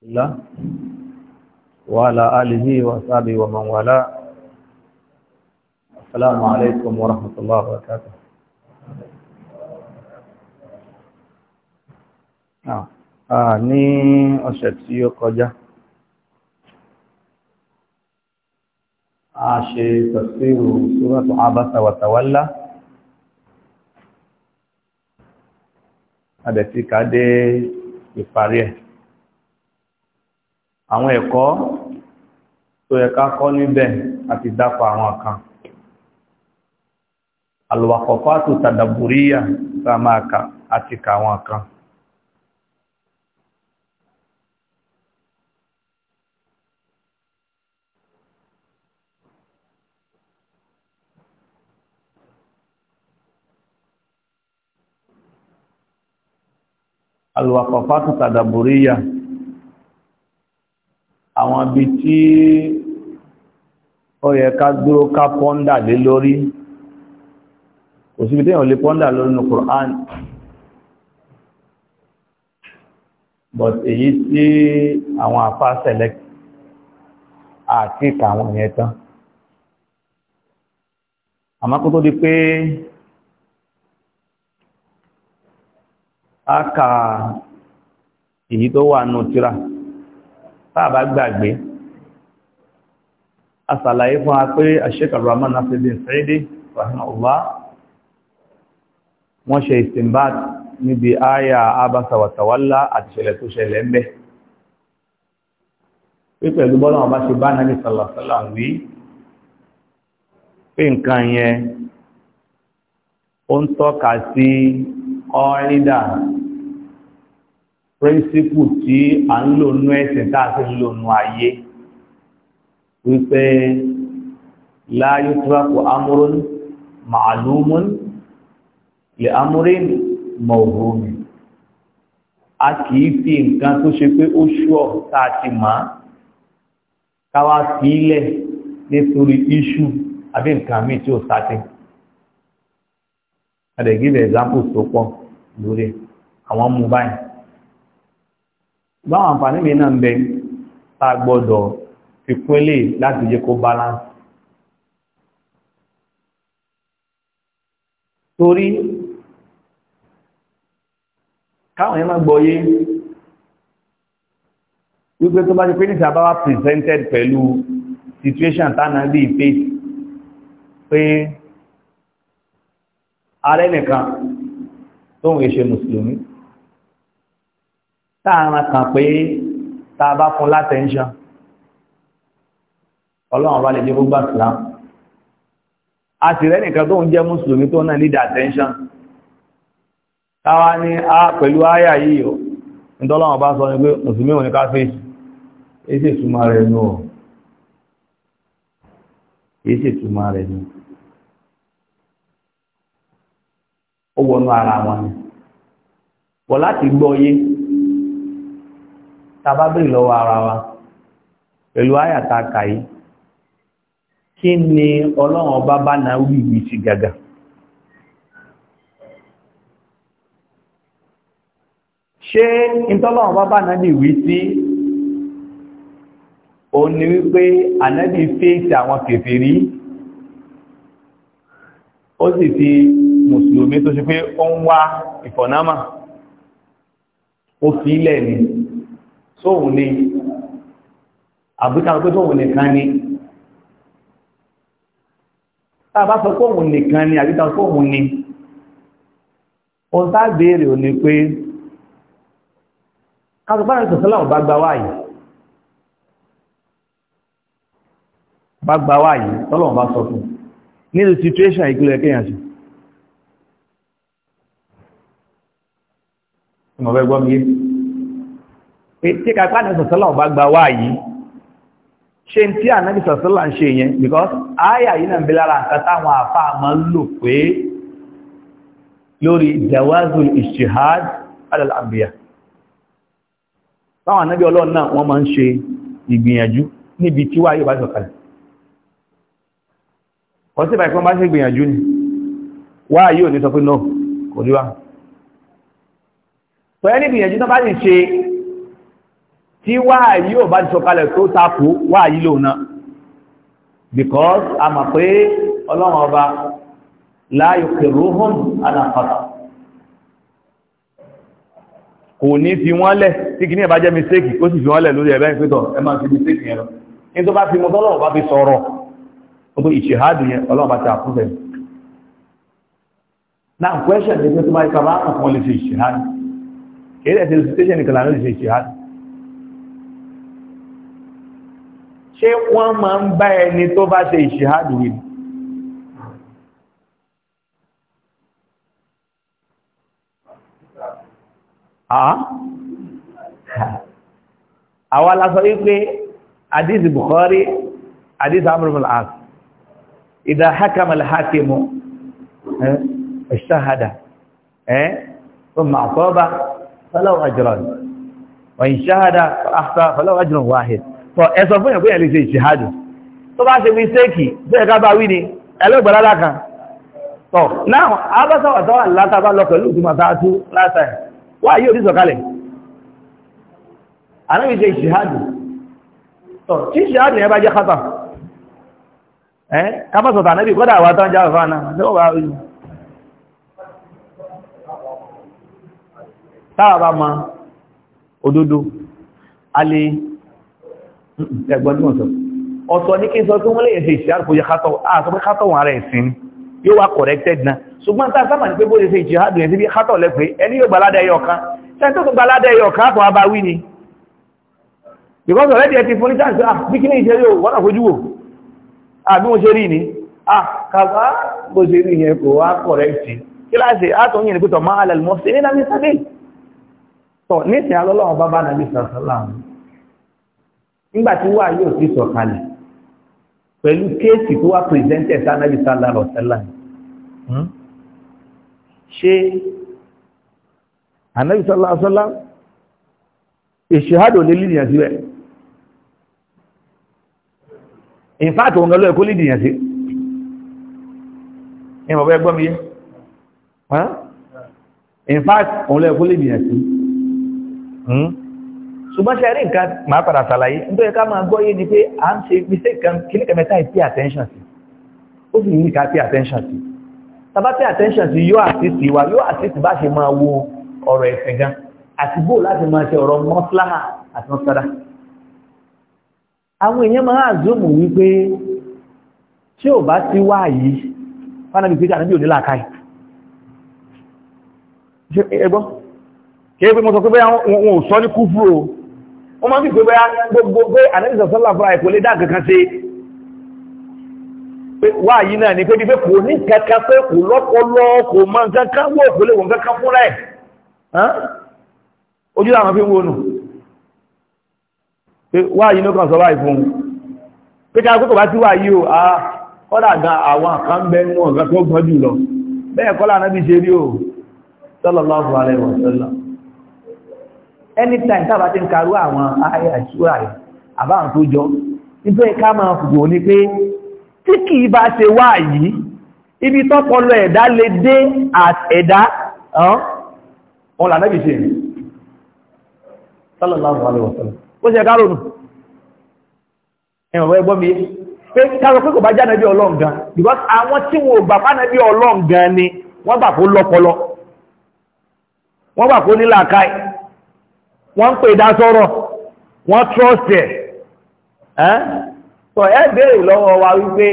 الله وعلى آله وصحبه ومن والاه السلام عليكم ورحمة الله وبركاته ní ọ̀sẹ̀ tí ó kọjá a ṣe tafsiru suratu abasa wa tawalla adẹ̀tíkà dé ìparí ẹ̀ àwọn ẹ̀kọ́ tó yẹ ká kọ́ níbẹ̀ àti dápa àwọn kan alùwàkọ̀kọ́ àti tàdàbùríyà tá máa kà àti kà àwọn kan alùwàkọ̀kọ́ àti tàdàbùríyà àwọn ibi tí ó yẹ ká dúró ká pọ́ndà lé lórí kò síbi tí lè pọ́ndà lórí ní Qur'an but èyí tí àwọn àfá select àti ìkà àwọn ìyẹn tán àmọ́ kó tó di pé a kà èyí tó wà nù tíra tàbá gbàgbé a sàlàyé fún a pé Sheikh Abdurrahman Nasiruddin Sa'idi rahimahullah wọ́n ṣe istinbat níbi àyà abasa wa tawalla àti ṣẹlẹ̀ tó ṣẹlẹ̀ ń bẹ pípẹ̀lú píríncípù tí a ń lò nú ẹ̀sìn tá a sì ń lò nú ayé wípé la yutraku amúrún ma'lumun li amúrín mawhumin a kìí fi nǹkan tó ṣe pé ó ṣúọ̀ tá a ti máa káwá sílẹ̀ nítorí iṣu àbí nǹkan míì tí ó sáté a lè give examples tó pọ̀ lórí àwọn mú báwọn àǹfààní mi náà ń bẹ tá a gbọ́dọ̀ fi kún láti jẹ́ kó balance torí káwọn yẹn máa gbọ́yé wípé tó bá ti pé ní ìsàbá presented pẹ̀lú situation tánà bí pé pé ààrẹ nìkan tóhun èṣe mùsùlùmí táàrán kan pé tá a bá fún látẹ́ńṣán ọlọ́run bá lè jẹ́ gbogbo islam a sì rẹ́ nìkan tó ń jẹ́ mùsùlùmí tó náà need attention táwa ní a pẹ̀lú àyà yìí o ìtọ́lọ́run bá sọ ní pé mùsùlùmí ò ní ká fèsì èsì ìtumà rẹ̀ nù ọ̀ èsì ìtumà rẹ̀ nù ó wọnú ara wọn ni wọ́n láti gbọ́ yé tàbá bèèrè lọ́wọ́ ara wa pẹ̀lú àyàtà kàí kí ni ọlọ́run ọba bá na wíwí sí gàgà ṣé ìtọ́lọ́run ọba bá na lè wí sí o ni wípé ànábì fèsì àwọn rí ó sì fi mùsùlùmí tó ṣe pé ó ń wá ìfọ̀námà ó fi ilẹ̀ ni sóhun ni àbúkà pé sóhun nìkan ni tá a bá sọ fóhun nìkan ni àbíkà fóhun ni ohun tá a béèrè ò ní pé kásùpárẹ̀ sọ̀sọ́lá ò bá gba wáyìí bá gba wáyìí tọ́lọ̀wọ̀n bá sọ fún nílùú situation ìkúlẹ̀ kéyàn sí ọmọ ẹgbọ́n mi tí kàkà ní sọ̀sọ́lá ọba gba wá yìí ṣe tí à náà sọ̀sọ́lá ń ṣe yẹn because ayà yìí náà bílára àkàtàwọn àfá àmà ń lò pé lórí jawazul ishihad alàlàbíyà báwọn anábí ọlọ́run náà wọ́n máa ń ṣe ìgbìyànjú níbi tí wáyé bá sọ̀kalẹ̀ kọ́ sí ìbáyìí kan bá ṣe ìgbìyànjú ni wáyé ò ní sọ pé náà kò rí wá tí wáà yí ò bá ti sọ̀kalẹ̀ tó tapò wáà yí lò náà because a mọ̀ pé ọlọ́run ọba láàyò kèrò hàn alápàtà kò ní fi wọ́n lẹ̀ tí kì ní ẹ̀bá jẹ́ mistake ó sì fi wọ́n lẹ̀ lórí ẹ̀bẹ́ ìpẹ́tọ̀ ẹ máa fi mistake yẹn lọ ní tó bá fi mọ́ tọ́lọ́run bá fi sọ̀rọ̀ ó tó ìṣèhádùn yẹn ọlọ́run bá ti àkúfẹ́ now question ni pé tó bá ikọ̀ bá kàn ṣe ìṣèhádùn kéré ẹ̀ ṣe ìṣèhádùn ṣé wọ́n máa ń bá ẹni tó bá ṣe ìṣìhádù wí ah? àwọn aláṣọ wípé àdíz Bukhari àdíz amurul as ìdá hakamal hakimu ṣahada eh, ẹ́ eh, ọmọ àtọ́bá fọ́lọ́wọ́ ajran wa in ṣahada fọ́lọ́wọ́ ajran tọ ẹsọ fún ìyàn pé ẹ̀lẹ́ ṣe ìṣìhádù tó bá ṣe mistéèkì tó ẹ̀ká bá wí ni ẹlẹ́gbẹ̀lára kan tọ náà abásáwàtọ́wà látàbá lọ pẹ̀lú ìtumọ̀tàátú látàrí wà yóò rí sọ̀kalẹ̀ ànábì ṣe ìṣìhádù tọ tí ìṣìhádù yẹn bá jẹ́ kátà ẹ́ kápásọ̀tà ànábì kọ́dà àwọn àtàwọn jáwà fáná táwà bá ma òdodo alẹ́ ẹgbọ́n tí wọ́n sọ ọ̀tọ̀ ní kí n sọ tí wọ́n lè ṣe ìṣẹ́hàdù kò yẹ kátọ̀ àtọ́ pé yóò wá corrected náà ṣùgbọ́n tá sábà ní pé bó lè ṣe ìṣẹ́hàdù yẹn sí bí kátọ̀ lẹ́pẹ́ ẹni yóò gbalada ẹyọ kan ṣẹ́ni ni because already ẹ ah bí kí ní ìṣẹ́ yóò wọ́n ah bí wọ́n ni ah kàfá bó ṣe rí yẹn kò wá correct kíláàsì àtọ̀yìn ní pé tọ̀ máa alẹ́ lọ́sẹ̀ ní nàbí sábẹ́ tọ̀ nísìnyí alọ́lọ́wọ́ bá bá nàbí sàṣàlámù nígbà tí wà yóò ti sọ̀kalẹ̀ pẹ̀lú kéèsì tó wà pírẹsẹ̀ntẹ̀ sanabi sallallahu alaihi wasallam hmm? ṣe anabi sallallahu alaihi wasallam ìṣèhádò lè lídìyàn síbẹ̀ ìfáàtò òun lọ́lọ́ ẹ̀kọ́ lídìyàn sí ìmọ̀ bẹ́ẹ̀ gbọ́ mi yé ìfáàtò òun lọ́lọ́ ẹ̀kọ́ lídìyàn sí hmm? ṣùgbọ́n ṣe rí nǹkan máa padà ṣàlàyé nítorí ẹ̀ká máa gbọ́ yé ni pé a ń ṣe mistake kan kí ní ì pay attention sí ó sì ká pay attention sí tàbá pay attention sí yóò àtìsí wa yóò àtìsí bá ṣe máa wo ọ̀rọ̀ ẹ̀sìn gan àti bó láti máa ṣe ọ̀rọ̀ mọ́síláhà àti mọ́síláhà àwọn èèyàn máa zoom wípé tí ò bá wọ́n máa ń fi gbogbo gbogbo pé ànẹ́sọ̀ sọ́lá fúnra ẹ̀kọ́ lé dáàkì kan ṣe wá yìí náà ni pé bí pé kò ní kankan pé kò lọ́pọ̀lọ́ kò mọ kankan wó kò lè wọ́n kankan fúnra ẹ̀ ojú àwọn fi ń wọnù wá yìí ló kàn sọ báyìí fún un pé kókò bá ti wá yìí o kọ́dà gan àwọn àkànbẹ́ wọn kan tó gbọ́n jù lọ bẹ́ẹ̀ kọ́lá náà bí ṣe rí o sallallahu alaihi wasallam anytime tàbá ti ń karú àwọn ayé àṣúra rẹ̀ àbáhùn tó jọ nítorí ká máa fùgbò ní pé tí kìí bá ṣe wá yìí ibi tọ́pọlọ ẹ̀dá lè dé ẹ̀dá ọ̀n lànàbì ṣe rí sallallahu alaihi wasallam ó ṣe ká ronú ẹ̀wọ̀n ẹgbọ́n mi pé káàrọ pé kò bá jánàbí because àwọn tí wọ́n gbà fánàbí ọlọ́ǹgan ni wọ́n gbà kó lọ́pọlọ wọ́n gbà kó wọ́n ń pè dá sọ́rọ̀ wọ́n trust ẹ̀ ẹ́ sọ ẹ́ béèrè lọ́wọ́ wa wípé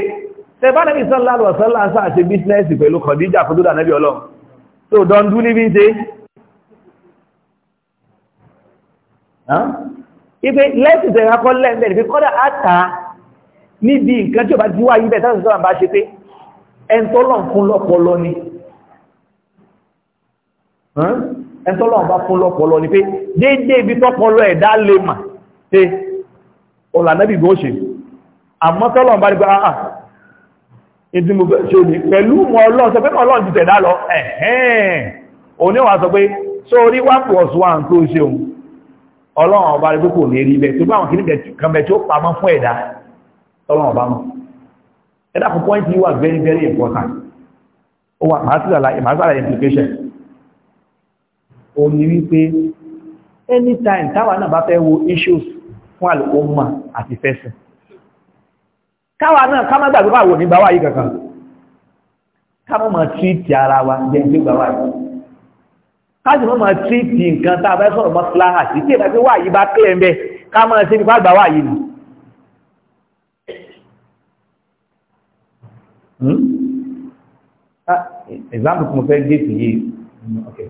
tẹ́bánàbí sallallahu alaihi wasallam àti bísínẹ́sì pẹ̀lú kọ̀díjà kó tó dà nẹ́bí ọlọ́run So dọ́ndú do ń ṣe ipe lẹ́sìn tẹ̀rẹ̀ akọ́ lẹ́ẹ̀mẹ́ níbi kọ́dà àtà níbi nǹkan tí ò bá ti wá yíbẹ̀ tẹ́sán sọ́rọ̀ bá ṣe pé ẹn tó lọ́n fún lọ́pọlọ ni ẹ̀ntọ́lọ́wọ́n bá fún lọ́pọlọ ni pé déédé ibi tọ́pọlọ ẹ̀dá lè mà pé ọ̀lànẹ́bì bó ṣe àmọ́ tọ́lọ́wọ́n bá rí pé àà ah, ìdí ah, mo fẹ́ ṣe ní pẹ̀lú mọ́ ọlọ́run sọ pé mọ́ ọlọ́run ti tẹ̀dá lọ ẹ̀hẹ́n oníwà sọ pé sórí one plus one tó ṣe òun ọlọ́run ọba rí pé kò lè rí bẹ́ẹ̀ tó bá àwọn kìnnìkan kan bẹ̀ tí ó pamọ́ fún ẹ̀dá tọ́lọ́run ọba mọ́ ẹ̀dá kan point yìí wà very very important ó wà màá sí àlàyé implication òun ni wípé anytime táwa náà bá fẹ́ wo issues fún àlùkòmà àti fẹ́sìn káwa náà ká má gbàgbé báwo ní gbà wáyé kankan ká má máa tírìtì ara wa jẹ́ ní gbà wáyé ká sì má máa tírìtì nǹkan tá a fẹ́ sọ̀rọ̀ mọ́ fúláhà sí tí ìbáṣe wáyé bá kílẹ̀ ń bẹ ká máa ṣe nípa gbà wáyé nì hmm? ah, example tí mo fẹ́ gé sí yìí okay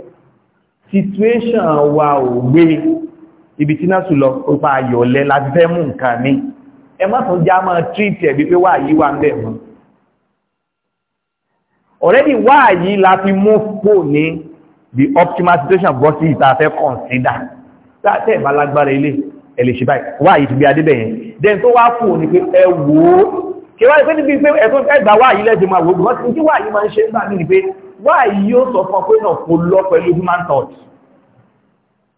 situation wa ò gbé ibi tí náà sùlọ opa ayọ̀lẹ́ láti fẹ́ mú nǹkan ní ẹ já máa treat ẹ̀ bí pé wà yí wà ń bẹ̀ mọ́ already wà yí la fi mú pò ní the optimal situation bọ́ sí ìta fẹ́ consider tẹ́ ìbá lágbára ilé ẹ̀lẹ̀ wà yí ti bí adébẹ̀ then tó wá fò ní pé ẹ wò ó kí wá ní pé níbi pé ẹ̀tún ẹgbà wà yí lẹ́jọ́ máa wò wọ́n ti wà máa ń ṣe ń bà ní ni pé wá yíó sọ fún ọpẹ́ náà kò lọ pẹ̀lú human touch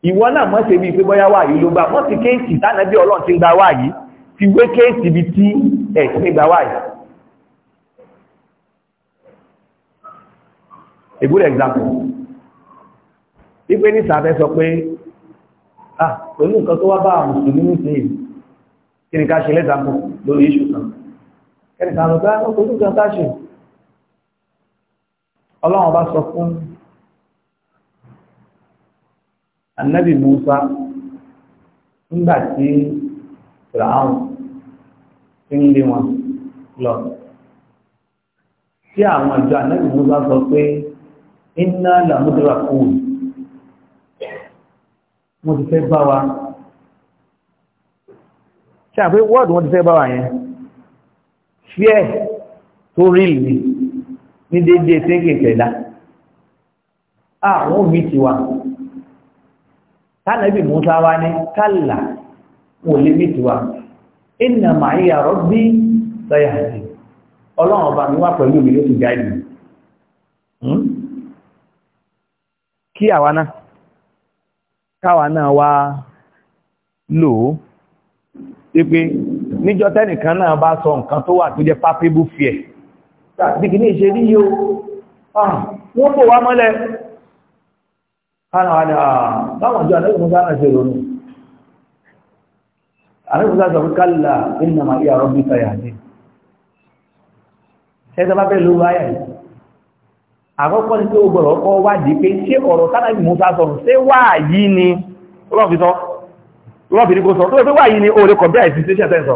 ìwọ náà mọ́ ṣe bí pé bọ́yá wà yìí ló gbá wọ́n ti kéèsì tánàbí ọlọ́run ti ń gba wà yìí ti wé kéèsì bí tí ẹ̀sìn gba wà a good example wípé ní sàfẹ́ sọ pé ah pẹ̀lú nǹkan tó wá bá mùsùlùmí sí kí ni ká ṣe lẹ́sàmù lórí iṣu kan kẹ́nìkan lọ bá ọkùnrin kan ká ṣe ọlọ́run bá sọ fún anabi musa nígbà tí fìràhùn ti ń lé wọn lọ tí àwọn àjọ anabi musa sọ pé iná làmúdúrà kù mo ti fẹ́ bá wa ṣe àpé wọ́ọ̀dù wọn ti fẹ́ bá wa yẹn fíẹ́ tó rí ìlú ní déédéé thinking tẹ̀dá àwọn òmí ti wà tánàbí musa wá ní kálà wò lè mí ti wà iná màá yà rọ́bí sọ́yà sí ọlọ́run ọba mi wá pẹ̀lú mi ló ti gáìdì hmm? kí àwa náà káwa náà wá lò ó wípé níjọ́ tẹ́nìkan náà bá sọ nǹkan tó wà tó jẹ́ pápébù fìẹ̀ tàbí kì ní ìṣe rí yíó ah, wọ́n bò wá mọ́lẹ̀ ah, báwọn jọ àlẹ́kùn sáà ṣe ronú àlẹ́kùn sáà sọ fún kálà ìnàmà ìyà rọ́bí kàyà ní ṣẹ́ta bá fẹ́ ló wáyà yìí àkọ́kọ́ ni pé ó gbọ́rọ̀ ọkọ̀ wádìí pé ṣé ọ̀rọ̀ sáàbì Musa sọ̀rọ̀ ṣé wà yìí ni rọ́bì sọ rọ́bì ní kò sọ tó pé wà yìí ni ó lè kọ̀ bí àìsí ṣe ṣẹ́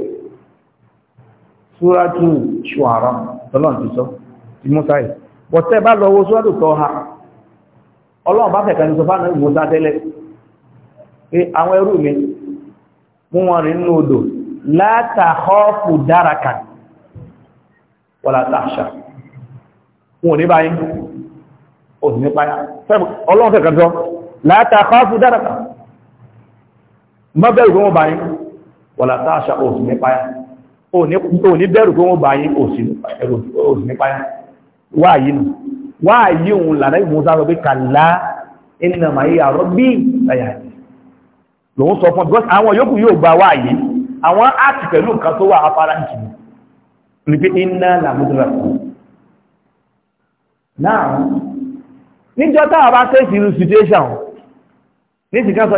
súrátù ṣùhàrá tọ́lọ́n ti sọ ti Mùsá yìí wọ́tẹ́ bá lọ wo súrátù tọ́ ha ọlọ́run bá fẹ̀kẹ́ ní sọ fánà Mùsá tẹ́lẹ̀ pé àwọn ẹrú mi mú wọn rìn nínú odò látàkọ́ọ̀fù dárakà wọ́lá tàṣà wọn ò ní báyìí ò ní páyà ọlọ́run fẹ̀kẹ́ òní bẹ̀rù pé wọ́n bá yí òsì nípa wà yìí nù wà yìí òun lànà ìmúsá sọ pé kàlá iná màá yí àrọ́ bí ìtayà lòun sọ fún because àwọn yòókù yóò gba wà yìí àwọn áàtì pẹ̀lú nǹkan tó wà afárá jù ní iná làmúdúrà situation ní ti ká sọ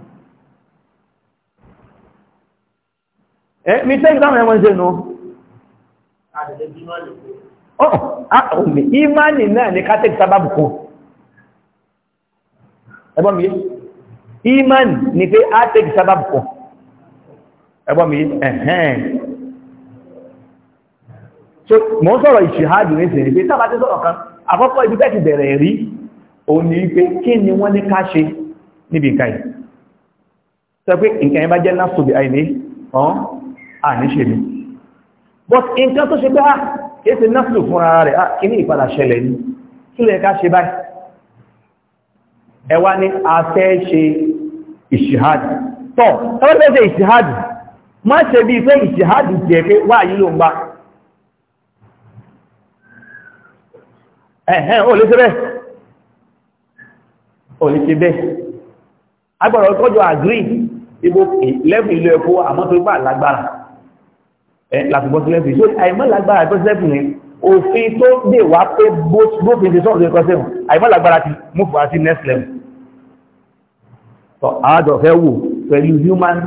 Eh, mi tẹ́ ìdáhùn ẹ̀wọ̀n ṣe nù. ìmánì náà ni kátẹ́kì sábàbù kó ẹgbọ́n mi ìmánì ni pé átẹ́kì sábàbù kó ẹgbọ́n mi ẹ̀hẹ́n so mo ń sọ̀rọ̀ ìṣìhádù ní ìsìnkú pé tábà tí sọ̀rọ̀ kan àkọ́kọ́ ibi tẹ́kì bẹ̀rẹ̀ rí òun ni wípé kí ni wọ́n ní ká ṣe níbi nǹkan yìí sọ pé nǹkan yẹn bá jẹ́ náà sóbi àìní ọ̀hún àníṣe mi but nǹkan tó ṣe pé á ah, kìí ṣe náfìlù fúnra rẹ̀ ah, kí ní ìpadà ṣẹlẹ̀ ní kí lè ká ṣe báyìí ẹ ni a fẹ́ ṣe ìṣìhádì tọ́ ẹwọ́n fẹ́ ṣe ìṣìhádì má ṣe bí fẹ́ ìṣìhádì jẹ́ pé wà yí ló ń bá ẹ̀hẹ́n ò lè ṣe bẹ́ẹ̀ ò lè láti bọ́ sílẹ̀ fi sórí àìmọ́lágbára ẹgbẹ́ sílẹ̀ fi ní òfin tó dè wá pé bófin ti sọ́rọ̀ ẹ̀kọ́ sẹ́wọ̀n àìmọ́lágbára ti mú fún àti next level tọ́ àádọ́ fẹ́ wò pẹ̀lú human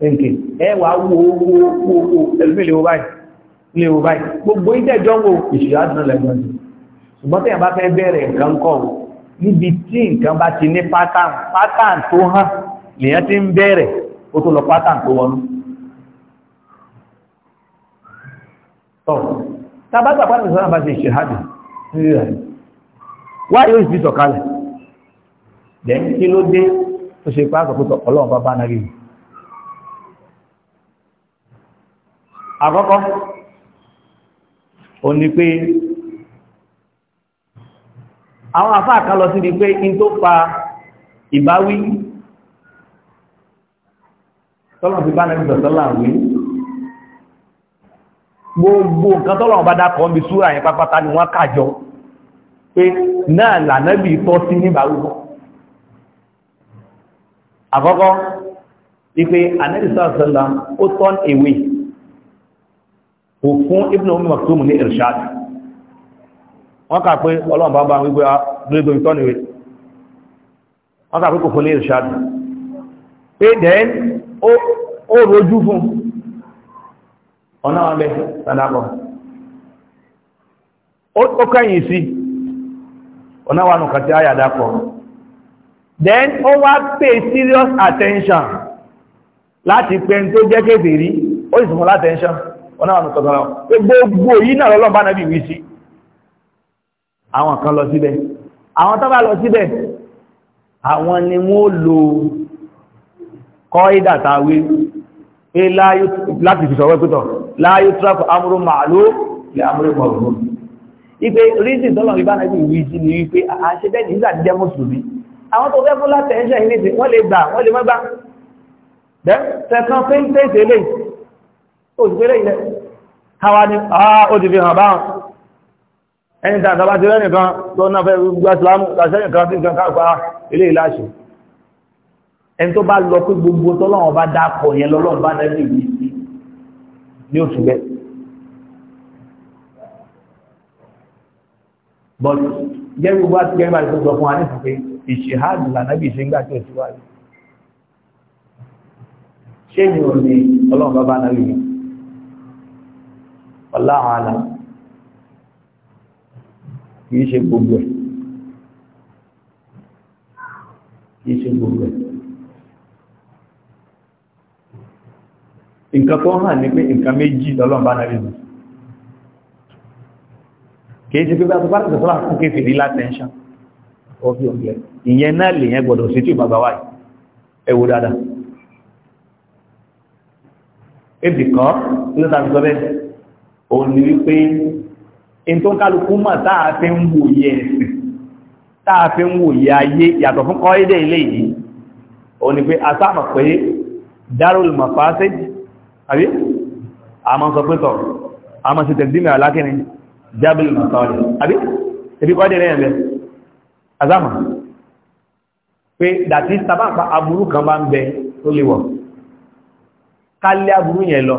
thinking ẹ wà wo owó owó ẹlùmí lè wo báyìí gbogbo ìtẹ́jọ́ wo ìṣìyà àdúrà lẹ́gbọ́n jù ṣùgbọ́n tẹ́yàn bá fẹ́ bẹ̀rẹ̀ nǹkan kọ̀ níbi tí nǹkan bá ti tàbátà pàtàkì sọ́nà bá ti ṣe hajj nílé rẹ̀ wá yóò sì sọ̀kalẹ̀ dẹ̀ kí ló dé tó ṣe pàtàkì pẹ̀tọ̀ ọlọ́run bá bá náà rí àkọ́kọ́ o ní pé àwọn àfáà kan lọ sí ni pé in tó fa ìbáwí tọ́lọ̀ fi bá náà rí sọ̀tọ́lá wí gbogbo nǹkan tọ́lọ̀ bá dákọ̀ ń bí súra yẹn pápátá ni wọ́n kàjọ pé náà lànàbì tọ́ sí ní bàrúgbọ́ àkọ́kọ́ ipé anẹ́dìsáàsọ́lá ó tọ́n èwé òfún Ibn Umm Maktum ní irshad wọ́n kà pé ọlọ́run bá bá wípé gbogbo ìtọ́ni rẹ̀ wọ́n kà pé kò ọ̀nà ọ̀bẹ̀ sàdápọ̀ ó kẹ́yìn sí ọ̀nà wà nùkà tí a yà dápọ̀ then ó wá pay serious attention láti pẹ́ tó jẹ́ kéfè rí ó sì fún látẹ́ńṣán ọ̀nà wà nùkà tọ́lá gbogbo yìí náà lọ́lọ́ bá nàbí wí sí àwọn lo kọ́ ìdàtàwé pé láti fi sọ̀rọ̀ pẹ́tọ̀ láyé trafo amúrò màálù lè amúrò mọ̀rún ipé ríṣì tọ́lọ̀ rí bá náà bí wí sí ni wípé àṣẹ́bẹ́ nígbà jẹ́ mùsùlùmí àwọn tó fẹ́ fún láti ẹ̀ṣẹ́ ìrìnṣẹ́ wọ́n lè gbà wọ́n lè mọ́gbà tẹ̀kan péńtẹ́sẹ̀ lè òṣìṣẹ́lẹ̀ ilẹ̀ káwa ni ah, ó ti fi hàn bá wọn ẹni tàbí tàbí ẹni tó bá lọ pé gbogbo tọ́lọ́wọ́n bá dákọ̀ yẹn lọ́lọ́wọ́n bá nẹ́bí yìí sí ní oṣù bẹ́ẹ̀. but gẹ́gẹ́ bá ti gẹ́gẹ́ bá ti sọ fún wa nípa pé ìṣèhádù lànàbí ìṣèǹgbà tí ò sí wáyé. ṣé ni ò ní ọlọ́run bá bá nẹ́bí yìí? ọláhàn àlà kì í ṣe gbogbo ẹ̀ kì í ṣe gbogbo ẹ̀. nǹkan tó hàn ní pé nǹkan méjì lọ́lọ́mbá náà rí kìí ṣe pé bá tó bá tẹ̀sọ́ láàkún kéfì rí látẹ́ńṣán ọbí ọ̀gbẹ́ ìyẹn náà lè yẹn gbọ́dọ̀ sí tí bàbá wà ẹ wò dáadáa ebì kan lọ́ta fi sọ bẹ́ẹ̀ òun ni wípé in tó ń kálukú mọ̀ táà fi ń wòye ẹ̀sìn táà fi ń wòye ayé yàtọ̀ fún kọ́ ilé ilé yìí òun ni pé a pé darul mafasid àbí àmọ́ sọ pé tọ̀ àmọ́ sí tẹ̀gbìmẹ̀ alákìní jábìlì mọ̀sáwọ̀lẹ̀ àbí ibi kọ́ dẹ̀rẹ̀ ẹ̀lẹ́ azama pé dàtí sábàpá aburú kan bá ń bẹ tó lè wọ̀ kálẹ̀ aburú yẹn lọ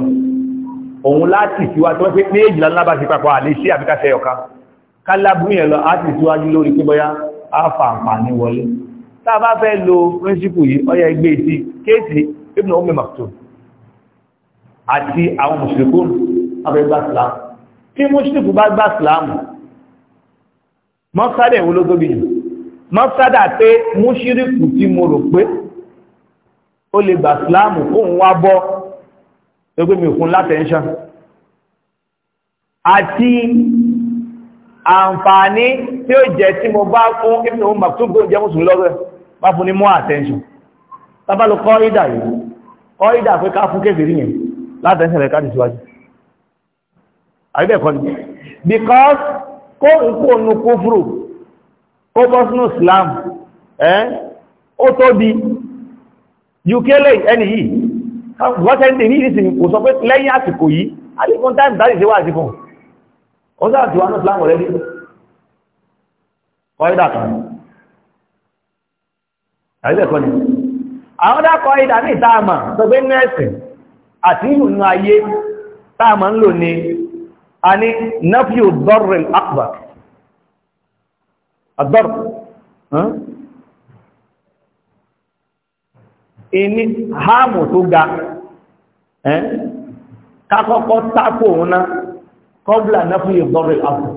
òun láti síwájú wọ́n pé méjìlá ńlá bá ti papọ̀ àlè sí àbíkáṣẹ́ ọ̀ká kálẹ̀ aburú yẹn lọ á ti síwájú lórí pé bọ́yá á fa àǹfààní wọlé tá fẹ́ lo príncipù yìí ọyẹ ẹgbẹ́ e sí kéèsì ibùdó omi àti àwọn mùsùlùkún afẹ́ gbá islam tí mùsùlùkù bá gbá islam mọ́sádà ìwò ló tóbi jù mọ́sádà pé mùsùlùkù tí mo rò pé ó lè gbà islam kóhun wá bọ́ ẹgbẹ́ mi òkun látẹ̀ńṣán àti àǹfààní tí ó jẹ́ tí mo bá fún ibùn ohun màtúgbò jẹ́ mùsùlùmí lọ́rẹ̀ bá fún ní mọ́ attention tàbálò kọ́ ìdà yìí kọ́ látẹ́sẹ̀ rẹ̀ káàdì síwájú àríbẹ̀kọ́ ni because kó ìkóònù kúfùrù kó bọ́sùnù Islam ẹ́ ó tó bí UK lẹ́yìn ẹni yìí wọ́tẹ́ ń tèmi ìrísìn kò sọ pé lẹ́yìn àsìkò yìí alifun time dáì sí wà sí fún ó sáà tí wọ́n Islam rẹ̀ kọ́ídà kan àríbẹ̀kọ́ ni àwọn dákọ̀ ìdá ní ìtaàmà sọ pé àti ìrùnú ayé táàmà ń lò ní a ní nephew dorrel akbar ador ìní haamu tó ga kakọ́kọ́ tako òun kọ́bla nephew dorrel akbar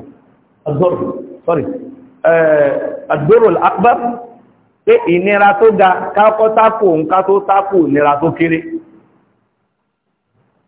ador sorry adorrel akbar pé ìnira tó ga kakọ́ tako òun ká tó tako ìnira tó kéré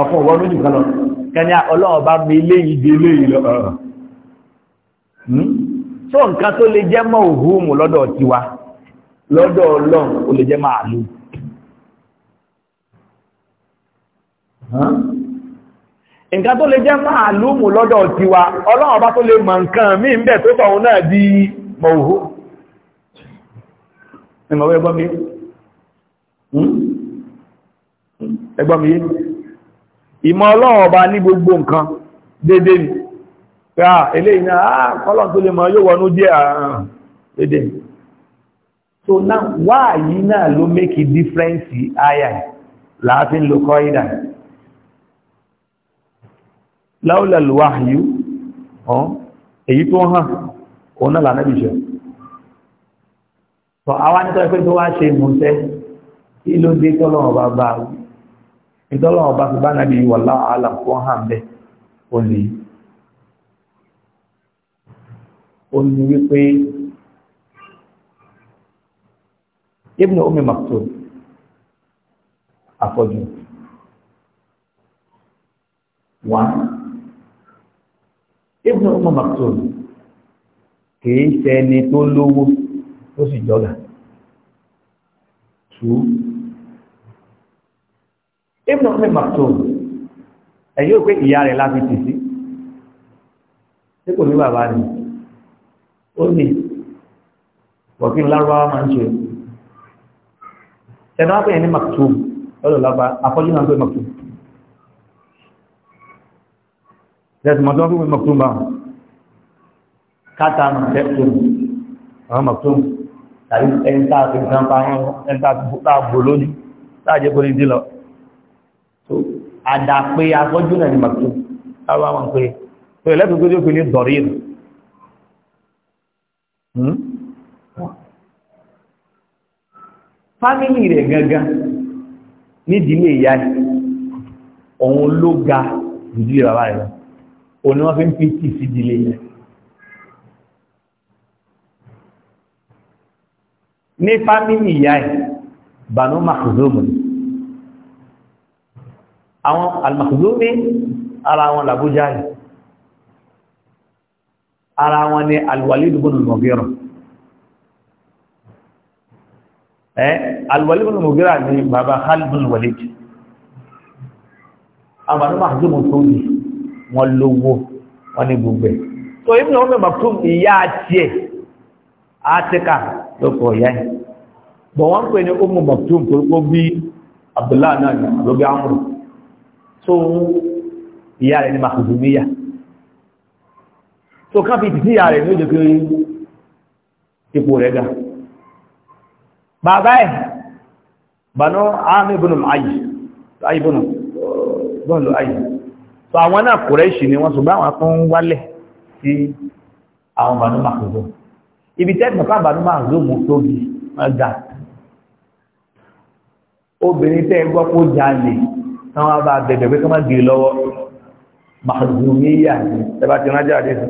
ọ̀fún ọ̀wọ́ lójú kan lọ kẹni ọlọ́run bá mi léyìí dé léyìí lọ ọ̀rọ̀ tó nǹkan tó lè jẹ́ mọ́ òhùnmù lọ́dọ̀ tiwa lọ́dọ̀ ọlọ́run ó lè jẹ́ máa lù nǹkan tó lè jẹ́ máa lùmù lọ́dọ̀ tiwa ọlọ́run tó lè mọ̀ nǹkan mí ń bẹ̀ tó sọ̀run náà di mọ̀ òhùn ẹgbọ́n mi yé hmm? ìmọ̀ ọlọ́run ọba ní gbogbo nǹkan dédé ni pé à ah, eléyìí náà ah, tó lè mọ̀ yóò wọnú díẹ̀ àrùn ah, dédé ni so now why yìí náà ló make a difference àyà láti ń lo kọ́ìdà láúlà lùwà yìí ọ̀n èyí tó hàn so àwa nítorí pé tó wá ṣe ìmúṣẹ́ ìtọ́lọ̀ ọba ti bá nàbí wàlá àlàm kó hàn bẹ́ ó wípé ibn Umm Maktum afọ́jú wà ibn Umm Maktum kìí ṣẹni tó lówó tó sì ibn Umm Maktum ẹ̀yìn òpé ìyá rẹ̀ láti tì sí tí kò ní bàbá ni ó ní bọ̀kín lárúbáwá máa ń ṣe ṣẹ̀dá wápẹ̀ ní Maktum lọ́dọ̀ lábá afọ́jú náà pé Maktum lẹ́sìn mọ́tò wọ́n pé Maktum bá kátà náà tẹ́kùn àwọn Maktum tàbí ẹni tá a fi nǹkan pa ẹni tá a bò kó ní dí lọ àdàpé afọ́jú náà ni màtó káwá wọn pé pé lẹ́tọ̀ọ́ tó pè ní dọ̀rí nù. Hmm? fámìlì rẹ̀ gangan nídìílé ìyá rẹ̀ òun ló ga ìdílé bàbá rẹ̀ lọ òun ni wọ́n fi ń fi tì sí ìdílé rẹ̀. ní fámìlì ìyá rẹ̀ bànú màkùzómù ni àwọn alìmọ̀kùlómi ara wọn làbújá rẹ̀ ara wọn ni alìwàlìdì bọ́nà mọ̀gíràn ẹ́ alìwàlìdì bọ́nà mọ̀gíràn ni bàbá halibun walidi àwọn àdúgbà àti mọ̀ tó ní wọn lówó wọn ní gbogbo ẹ̀ tó ibùn bọ̀ wọ́n pè ní ọmọ mọ̀kùn tó bí abdullahi náà ló bí amúrù so ìyá rẹ̀ ní makhzumiya so káfí ìtìtì ìyá rẹ̀ ní ó jẹ́ ipò rẹ̀ ga bàbá ẹ̀ bàná àmì ìbùnú àyíbùnú bọ́ọ̀lù so àwọn náà Kùrẹ́ṣì ni wọ́n ṣùgbọ́n àwọn tó ń wálẹ̀ sí àwọn ibi tóbi obìnrin tẹ́ táwọn bá bẹ̀bẹ̀ pé kọ́mọ́ gbé lọ́wọ́ mahzumiya ni ẹbá ti rájá àdé sí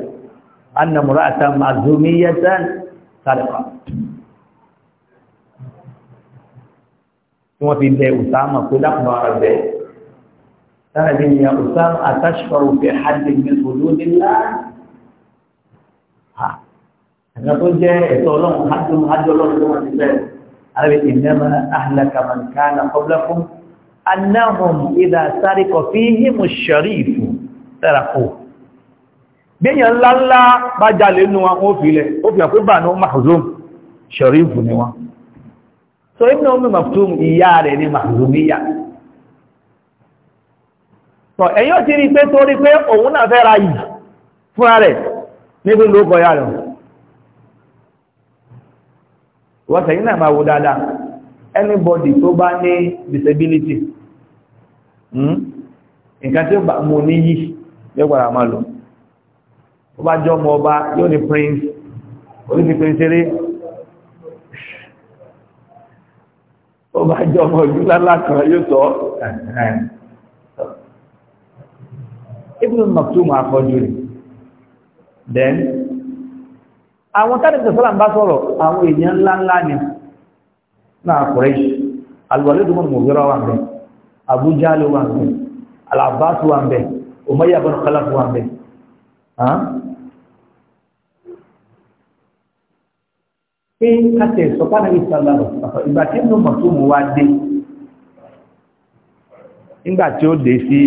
annamura àta mahzumiya tán sárẹ̀fà tí wọ́n fi bẹ Usama kó dákùnmọ́ ara bẹ̀ sára ní ìyá Usama atashfaru fi hajji min hududillah ha ẹ̀ka tó jẹ́ ẹ̀tọ́ ọlọ́run hajj ọlọ́run tó wọ́n ti bẹ̀rẹ̀ àrẹ́bẹ̀ ìnẹ́mà ahlaka man kana qablakum annahum idha sarika fihim ash-sharif taraku beyan lalla bá jalè nu wọn ó fi le ó fi pé banu mahzum sharif ni wa so ibn um maftum ìyá rẹ̀ ni mahzumiya so eyo ti rí pé torí pé òun náà fẹ́ ra yìí fún are ni bi lo ko ya lo wa sayin ma wo anybody tó bá ní disability hmm? nǹkan tí ó bá mú ní yìí yóò gbàrà máa lò ó bá jọ mọ ọba yóò ní prince orí ti prince eré ó bá jọ mọ ojú lálá kan yóò sọ ibùdó mọ̀túmọ̀ àkọjú rẹ̀ then àwọn tàbí tẹ̀sọ́là ń bá sọ̀rọ̀ àwọn èèyàn ńláńlá ni náà Quraysh Al-Walid ibn Mughira wà bẹ́ẹ̀ Abu Jahl wà bẹ́ẹ̀ Al-Abbas wà bẹ́ẹ̀ Umayya ibn Khalaf wà bẹ́ẹ̀ pé kàtẹ sọpánà ìsàlá ọ̀pọ̀ ìgbà tí mo mọ̀ tó mo wá dé nígbà tí ó dé sí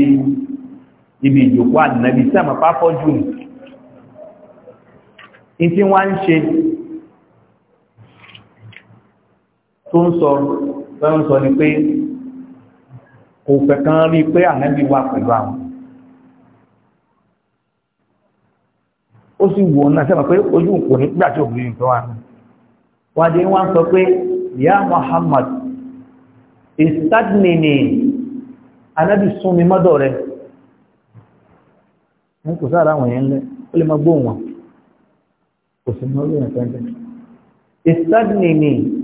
ibi ìjòkó àdìnàbí sí àmàpá fọ́jú ní tí wọ́n ń ṣe tó ń sọ tó ń pé kò fẹ́ kan rí pé ànábì wà pẹ̀lú àwọn ó sì wò náà sẹ́wọ̀n pé ojú kò ní gbà tí òbí nǹkan wà wọ́n adé wọ́n pé ya Muhammad ìsádìnìní ànábì súnmi mọ́dọ̀ rẹ̀ ní kò sára àwọn èèyàn lẹ́ ó lè máa gbóhùn wọn kò sí mọ́ lóyún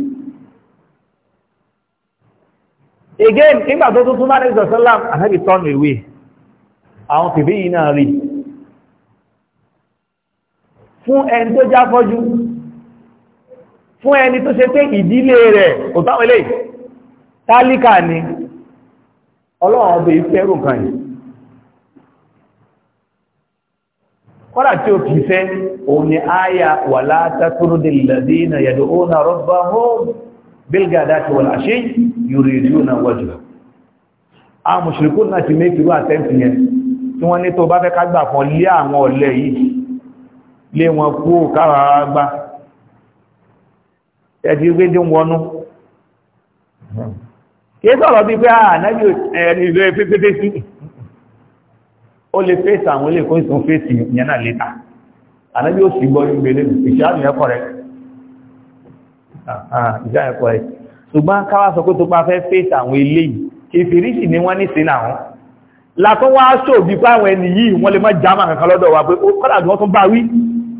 again nígbà tó tún súnmọ́ àdébí sọ̀sọ́lá ànábì turn away àwọn kìbí yìí náà rí fún ẹni tó já fọ́jú fún ẹni tó ṣe pé ìdílé rẹ̀ kò táwọn eléyìí tálíkà ni ọlọ́run ọbẹ̀ ìfẹ́rù kan yìí kọ́lá tí ó fi fẹ́ òun áyà wà látàtúrúdìlẹ̀dínà yàdó ó na rọ́bà hóòmù bilgadati wal ashi yuriduna wajha a mushrikun na ti make ru attempt yẹn tí wọ́n ní tó bá fẹ́ ká gbà fún lé àwọn ọ̀lẹ yìí lé wọn kú kara gba e ti gbe din wọnú ke sọ̀rọ̀ bí pé ah nabi ẹni ló e fefefe sí ó lè face àwọn lè ko isun face yẹn na later anabi ó sì gbọ́ yin gbele ìṣàlù yẹn correct ìjáyẹ̀kọ́ ẹ̀ ṣùgbọ́n káwà sọ pé tó pa fẹ́ fèsì àwọn eléyìí kèfèrí sì ni wọ́n ní sí náà wọ́n látọ́ wá ṣò bí pé àwọn ẹni yìí wọ́n lè má jámà kankan lọ́dọ̀ wa pé ó kọ́dà wọ́n tún bá wí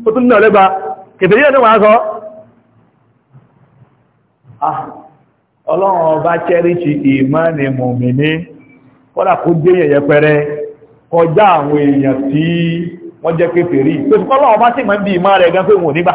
ó tún náà lẹ́gbà kèfèrí náà wọ́n sọ ah, ọlọ́run ọba chẹ́ríṣì ìmọ́ni mùmìní kọ́dà kó dé yẹ̀yẹ pẹrẹ kọjá àwọn èèyàn tí wọ́n jẹ́ kèfèrí pẹ̀sùkọ́ ọlọ́run ọba sì mọ́ bí ìmọ́ rẹ̀ gan pé wọn ò nígbà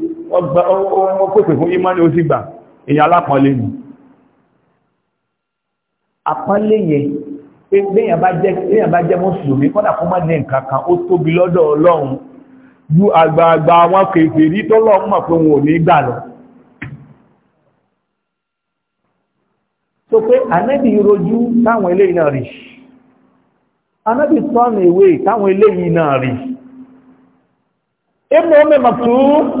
ó pèsè fún imani ó sì gbà èyàn alápọ̀lẹ́ ni àpọ́nlé yẹn pé léyàn bá jẹ́ mùsùlùmí kọ́nà fún mọ́ni nǹkan kan ó tóbi lọ́dọ̀ ọlọ́run ju àgbààgbà àwọn kèfèrí tọ́lọ́run mọ̀ pé wọn ò ní gbà lọ so pé ànábì rojú táwọn eléyìí náà rí ànábì turn away táwọn eléyìí náà rí Ibn Umm Maktum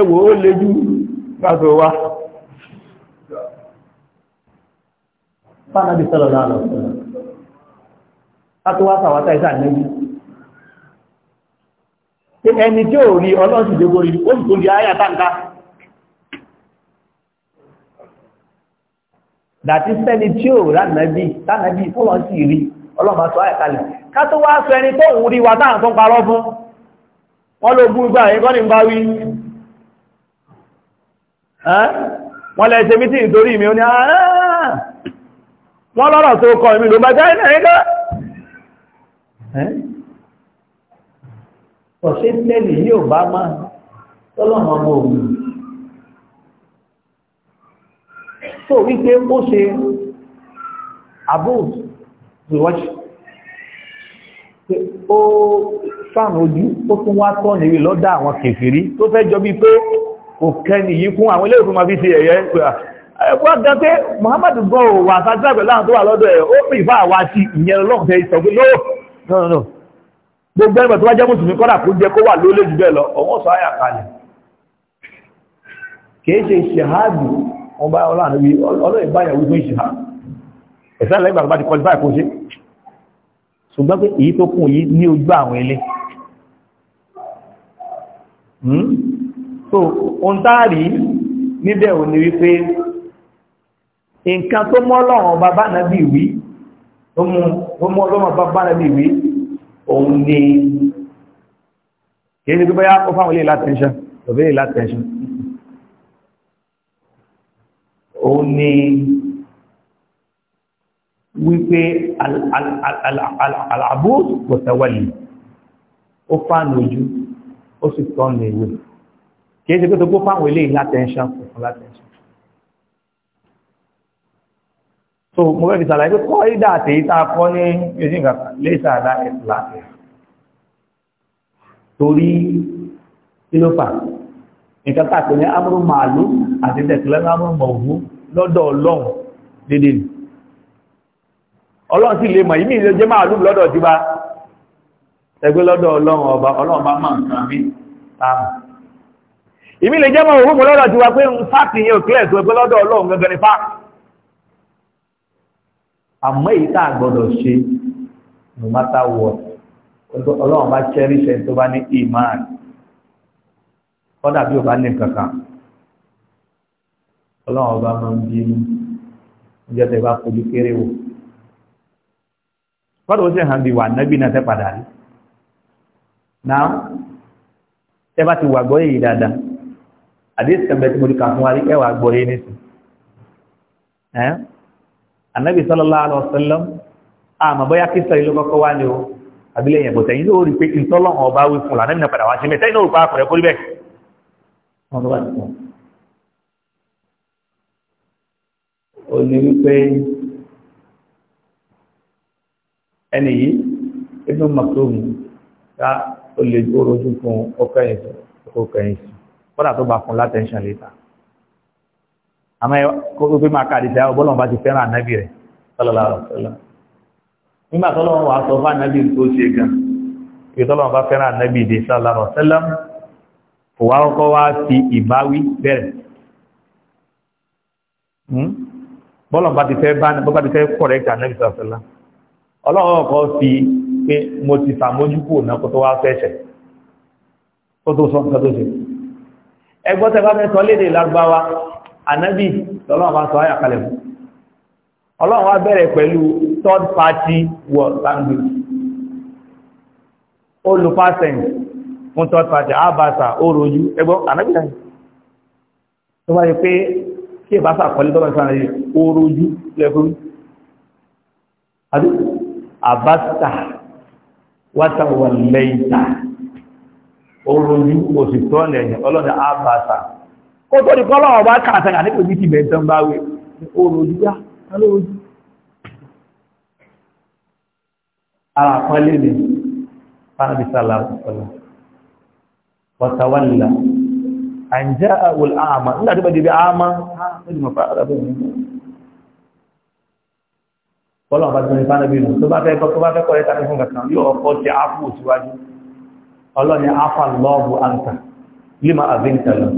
ẹwọ ó léjú gbàtò wá fánàbí sọ́lọ̀lá lọ látó wá sàwátà ìsà nẹ́bí ẹni tí ò rí ọlọ́sì dégbò rí ó sì tó di ayà táǹkà dàtí sẹ́ni tí ò ránàbí tánàbí fọ́lọ́ sí rí ọlọ́mà sọ ayà kalẹ̀ sọ ẹni tó ń wọ́n lẹ́ ṣe mítí ìtorí mi ó ní ah, ah, ah. wọ́n lọ́rọ̀ tó kọ ìmì ló bá jáìnà ẹgbẹ́ ọ̀ṣẹ́ tẹ́lì yóò bá máa tọ́lọ̀mọ̀ ọmọ òun tó wípé ó ṣe abúrú ìwọ́ṣì ó fáàmù ojú ó tún wá fẹ́ jọ bí pé òkẹ́ nìyí kún àwọn ilé ìfún ma fi ṣe ẹ̀yẹ ẹ̀kọ́ gan pé Muhammad gan ò wà sájúwà pẹ̀lú àwọn tó wà lọ́dọ̀ ẹ̀ ó pè fà wá sí ìyẹn lọ́rùn tẹ́ ìsọ̀gbé lóò no no gbogbo ẹgbẹ̀ tó wá jẹ́ mùsùlùmí kọ́dà kó jẹ́ kó wà lólé jù bẹ́ẹ̀ lọ ọwọ́ sọ àyà kalẹ̀ kìí ṣe ṣèhádù ọba ọlọ́run wí ọlọ́run ìbáyàwó fún ìṣèhádù ẹ̀sán lẹ́yìn bàbá ti kọlifáì kó ṣe ṣùgbọ́n pé èyí tó kún yìí ní ojú àwọn ilé hmm? so ohun táàrí níbẹ̀ ò ní wípé nǹkan tó mọ́ lọ́wọ́n bàbá náà bí wí tó mọ́ lọ́wọ́n bàbá náà bí wí òun ni kìí ní pípẹ́ yá ó fáwọn ilé látẹ́ṣẹ́ òbí ilé látẹ́ṣẹ́ òun ni wípé àlàbò kò tẹ̀wẹ̀lì ó fáànù ojú ó sì tọ́nu ìwé kìí ṣe pé tó gbó fáwọn eléyìí látẹ̀ńṣán fún látẹ̀ńṣán. so mo fẹ́ fi ṣàlàyé pé kọ́ ìdá àtẹ̀yí tá a kọ́ ní ẹ̀sìn ìgbàgbà lẹ́sà àdá ẹ̀sìlá torí kí ló fà nǹkan tá a pè ní amúrú màálù àti tẹ̀sílẹ́nu amúrú mọ̀ọ́wú lọ́dọ̀ ọlọ́run dédé ni ọlọ́run sì lè mọ̀ yìí mi jẹ́ màálù lọ́dọ̀ tí bá ẹgbẹ́ lọ́dọ̀ ọlọ́run ọba ọlọ́run bá máa ń ìmí lè jẹ́ mọ́ òrùn lọ́dọ̀ ti wá pé fáàkì yẹn ò kílẹ̀ tó ẹgbẹ́ lọ́dọ̀ ọlọ́run gẹ́gẹ́ ní fáàkì àmọ́ èyí tá a gbọ́dọ̀ ṣe no matter what ọlọ́run bá cherish ẹni tó bá ní iman kọ́dà bí o bá ní kankan ọlọ́run bá máa ń bínú ìjọ tẹ bá fojú kéré wò kọ́dà ó sì hàn bí wà nábì náà tẹ́ padà rí náà tẹ́ bá ti wà gbọ́ èyí dáadáa àdéhùn kan bẹ́ẹ̀ tí mo di kà fún wa rí ẹwà gbọ́ yé ní sùn ẹ́ anabi sallallahu alaihi wasallam àmọ́ bóyá kí sọ ìlú kọ́kọ́ wá ní o àbílẹ̀ yẹn bọ̀tẹ̀ yìí ló rí pé ìtọ́lọ̀ ọba wí fún lànà ìmìnà padà wá sí mẹ́tẹ́ ìnáwó pàápàá rẹ̀ kórí bẹ́ẹ̀ wọ́n tó bá ti ní wípé ẹni yìí Ibn Maktum ká ó lè dúró ojú fún ọkọ̀ ẹ̀yìn sí ọkọ̀ ẹ̀yìn sí kọ́dà tó bá fún látẹ̀ńṣàn létà àmọ́ kó pé máa káàdì sáyà ọbọ́lọ́wọ́n bá ti fẹ́ràn ànábì rẹ̀ sallallahu alaihi wasallam nígbà tọ́lọ́wọ́n wà sọ fún ànábì tó ṣe gan kí tọ́lọ́wọ́n bá fẹ́ràn ànábì dé sallallahu alaihi wasallam kò wá kọ́kọ́ wá fi ìbáwí bẹ̀rẹ̀ hmm? bọ́lọ́wọ́n bá ti fẹ́ bá bá ti fẹ́ correct ànábì sallallahu alaihi wasallam ọlọ́wọ́n kọ́ fi pé mo ti fàmójúkù náà kó tó wá fẹ́ ṣẹ̀ kó tó sọ́ ẹgbọ́ tẹ́ bá fẹ́ sọ léde lárúbáwá ànábì tọ́lọ́wọ́ bá sọ ayà kalẹ̀ fún ọlọ́run wá bẹ̀rẹ̀ pẹ̀lú third party word language olùpàṣẹ̀n fún third party àbáṣà òròjú ẹgbọ́ ànábì láyé tó bá yẹ pé kí ìbáṣà kọ́lé tọ́lọ́ sọ́nà yìí òròjú lẹ́kùn àbáṣà wátàwọ̀lẹ́yìntà orójú òsì tọ́lẹ̀ ẹ̀yìn ọlọ́dà àbáta ó tó di kọ́lọ̀ ọba kàtàkà nípò ní ti bẹ̀ẹ̀ bá wé orójú yá alóòjú ara pọ́lé ní pàrọ̀bísàlá ọ̀sọ̀lá wàtàwàlá ama àwòl àmà nígbà tó bá débi àmà ọlọ́ni afàlọ́ọ̀bù àǹtà lima àzíǹtà lọ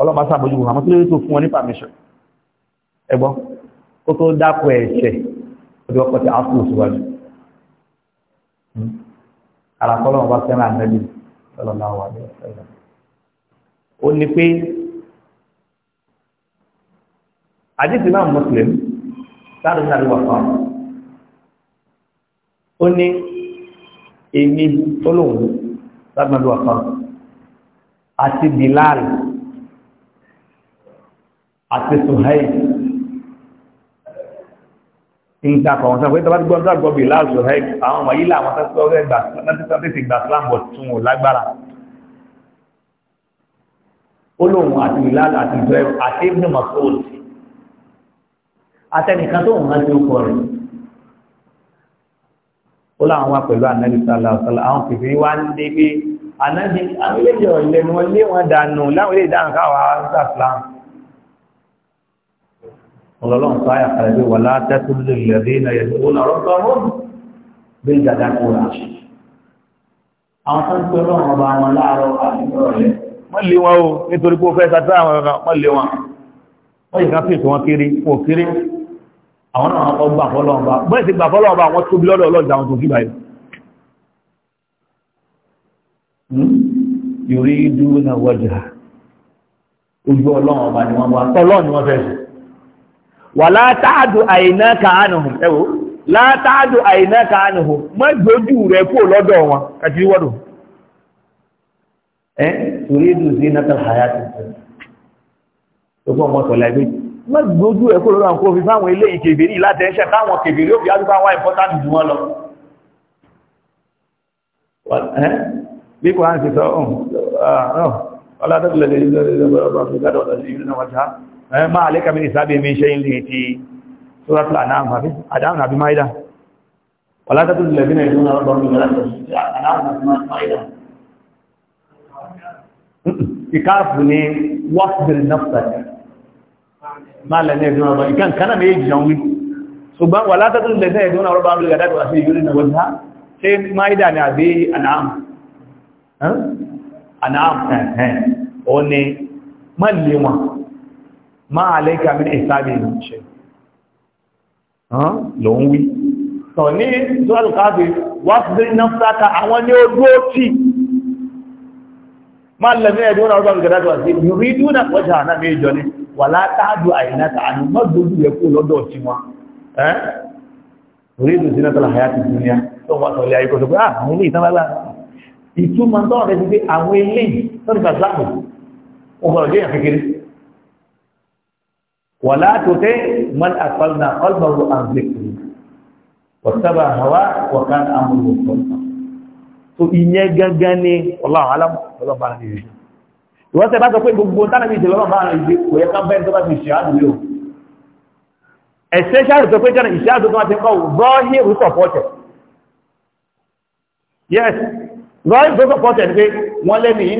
ọlọ́mà sàbójú wọn àmọ́ tí lórí tó fún wọn ní permission ẹgbọ́ kó tó dápọ̀ ẹ̀ṣẹ̀ ọdún ọkọ̀ tí a fún òṣùwájú àràkọ́lọ́ ọba sẹ́rà àmẹ́lì sọlọ́lá wà ní ọ̀sẹ̀lẹ̀ ó ní pé àdìsí náà mùsùlùmí sáré náà lè wà fáwọn ó ní èmi tó lòun lágbàdo àpá àti Bilal àti Suhail ìgbà kan sọ pé tọ́bá gbọ́n tó àgbọ́bì láàzù rẹ̀ àwọn ọmọ yílà àwọn tẹ́sí ọ̀rẹ́ ìgbà tẹ́sí ìgbà slambo tún ò lágbára olóhùn àti ìlànà àti ìjọ àti ìbùnú mọ̀sóòlù àtẹnìkan tó ń rántí ó kọ rẹ̀ ó láwọn wá pẹ̀lú ànábì sallallahu alaihi wasallam àwọn kìfì wá ń dé pé ànábì àwọn ilé ìjọ ìlẹ́nu wọn lé wọn dànù láwọn ilé ìdáhùn káwà sàfihàn ọlọ́run sọ àyà kalẹ̀ pé wàlá tẹ́tù lè lẹ́dí iná yẹn owó náà bí àwọn náà kọ́ gbà fọ́lọ́ọ̀bá bẹ́ẹ̀ sí gbà fọ́lọ́ọ̀bá wọ́n tóbi lọ́dọ̀ ọlọ́dà àwọn tó kí báyìí yorí dúró náà wọ́jà ojú ọlọ́ọ̀bá ni wọ́n ni wọ́n fẹ́ sí wà látàdù àìná kàánùhùn ẹ̀wò látàdù àìná kàánùhùn rẹ̀ lọ́dọ̀ wọn àti torí dùn sí àyà tuntun tó fọ́ ọmọ ẹgbẹ́ má gbójú ẹ̀ kó lọ́rọ̀ àwọn kòfin fáwọn ilé ìkèbèrè látẹ́ṣẹ́ táwọn kèbèrè ó fi ájú fáwọn important jù wọn lọ bí kò hàn sí sọ ọ̀hún ọlátọ́gbẹ̀lẹ̀ ìlú ìlú ìkáàfù ni wọ́pùdìrì náà pẹ̀lú máa lẹ́ni ẹ̀dùn ọ̀rọ̀ ìkan kaná méjì jọ wí ṣùgbọ́n wà látàtún lẹ́ni ẹ̀dùn ọ̀rọ̀ bá lọ́gbà dágbà sí ìlú ìnà wọ́n ṣe máìdà ní àbí ànáàm ànáàm ẹ̀hẹ́n ó ní má lè wọn máa lẹ́kà mí ìsáàbì ìlú ṣe ló ń wí tọ̀ ní tọ́lù káàbì wá sí náfíàkà àwọn ní ojú ó wà látàájú àìláta àni má gbójú rẹ̀ kó lọ́dọ̀ tí wọn ẹ́ orí ètò sí látàlá àyà ti dúnìá tó wọ́n sọ̀rọ̀ ayé kọ́sọ̀ ah, pé àwọn ilé ìtàlágbà ìtumọ̀ tọ́rọ̀ rẹ̀ ti pé àwọn ilé sọ́dọ̀ ìgbàsílámù ọgbọ̀n ọjọ́ yẹn kékeré wà látòtẹ́ mọ́n àfọlùnà ọlọ́run àǹzẹ̀kùn wọ̀sábà àwá wọ̀ká wọ́n tẹ́ bá sọ pé gbogbo tánàbí ìṣẹ̀lẹ̀ ọlọ́run bá rán ìdí kò yẹ ká bẹ́ẹ̀ tó bá fi ṣíhádù lé o ẹ̀ṣẹ́ ṣáàrù tó pé jẹ́nà ìṣíhádù tó wá ti kọ́ rọ́hìrù sọ̀pọ̀tẹ̀ yes rọ́hìrù sọ̀pọ̀tẹ̀ pé wọ́n lẹ́nu yìí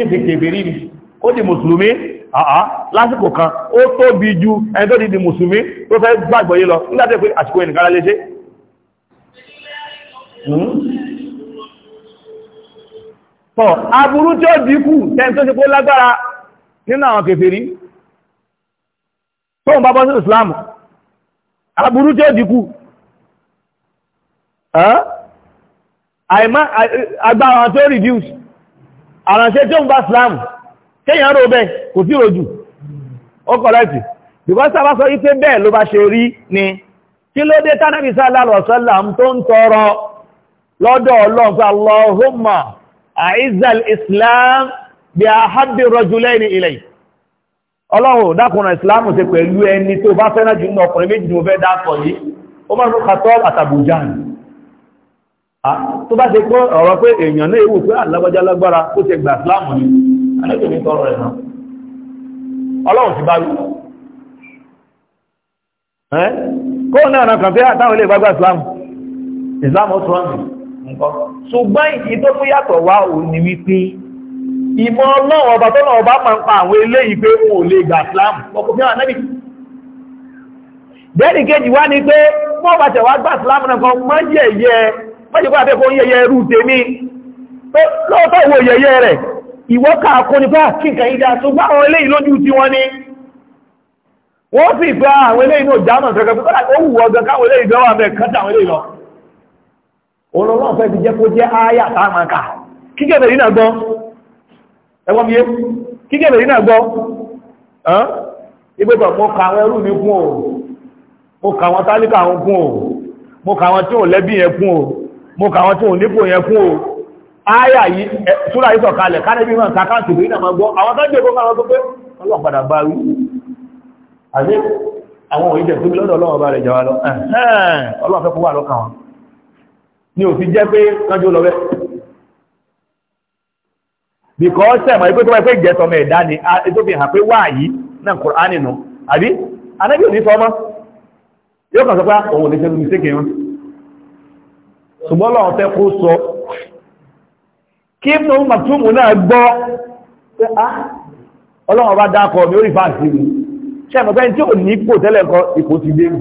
ni ó di mùsùlùmí lásìkò kan ó tóbi ju ẹni tọ́ aburú tí ó dínkù tẹ́ni tó ṣe kó lágbára nínú àwọn kèfèrí tóun bá bọ́ sí Islam aburú tí ó dínkù agbára tó reduce àrànṣẹ́ tí ó ń bá Islam kéyàn rò bẹ́ kò sí rojú ó kọ̀lẹ́tì because a sọ ipé bẹ́ẹ̀ ló bá ṣe rí ni kí ló dé tánàbí sallallahu alaihi àìzàl islam bí a hábí rọjúlẹ́ ní ilẹ̀ ọlọ́run dákùnrin islam ti pẹ̀lú ẹni tó bá fẹ́ràn jù nínú ọkùnrin méjì ni mo fẹ́ dákọ̀ yìí ó máa ń kàtọ́ àtàbùjá tó bá ṣe pọ́ ọ̀rọ̀ pé èèyàn náà ewu pé alágbájá lágbára ó ti gbà islam ni alẹ́gbẹ̀ẹ́ tọrọ rẹ̀ náà ṣùgbọ́n ìdí tó mú yàtọ̀ wá òun ni wípé ìmọ̀ ọlọ́run ọba tó náà ọba máa ń pa àwọn eléyìí pé wọn ò lè gbà Islam ọkọ̀ fi bẹ́ẹ̀ni kejì wá ní pé mọ́ bá tẹ̀wá gbà Islam náà kan mọ́ yẹ̀yẹ mọ́jẹ̀kọ́ àbẹ́kọ́ yẹ̀yẹ rú tèmi ah, àwọn eléyìí ọlọ́run fẹ́ ti jẹ́ kó jẹ́ ááyà táàmà ká kíkẹ̀bẹ̀rí náà gbọ́ ẹgbọ́n mi yé kíkẹ̀bẹ̀rí náà gbọ́ ọ́n ìgbẹ́gbẹ̀ mo kà àwọn ẹrú mi kún o mo kà àwọn tálíkà àwọn kún o mo kà àwọn tí ò lẹ́bí yẹn kún o mo kà àwọn tí ò nípò yẹn kún o ááyà yìí súra yìí sọ̀kalẹ̀ kánẹ́bí náà ta káàtì ìgbẹ́rí náà gbọ́ àwọn tó gbé kókà àwọn tó pé ọlọ́pàdà bá rú àti àwọn òyìnbẹ̀ tó lọ́dọ̀ ọlọ́run ni ò fi jẹ́ pé kánjú lọ bẹ́ bìkọ́ sẹ̀mọ̀ ipé tó wáyé pé ìjẹsọmọ̀ ẹ̀dá ni tó fi hàn pé wà yìí náà Kùránì nù àbí anábì ò ní sọmọ́ yóò kàn sọ pé òun ò ní sẹ́nu ìṣẹ́kì wọn ṣùgbọ́n lọ́wọ́ fẹ́ kó sọ kí tó ń màtúmù náà gbọ́ pé á ah, ọlọ́wọ́ bá dákọ̀ mi ó rí fáàsì mi ṣẹ́mọ̀ pé tí ò ní ipò tẹ́lẹ̀ kọ ipò ti dé mi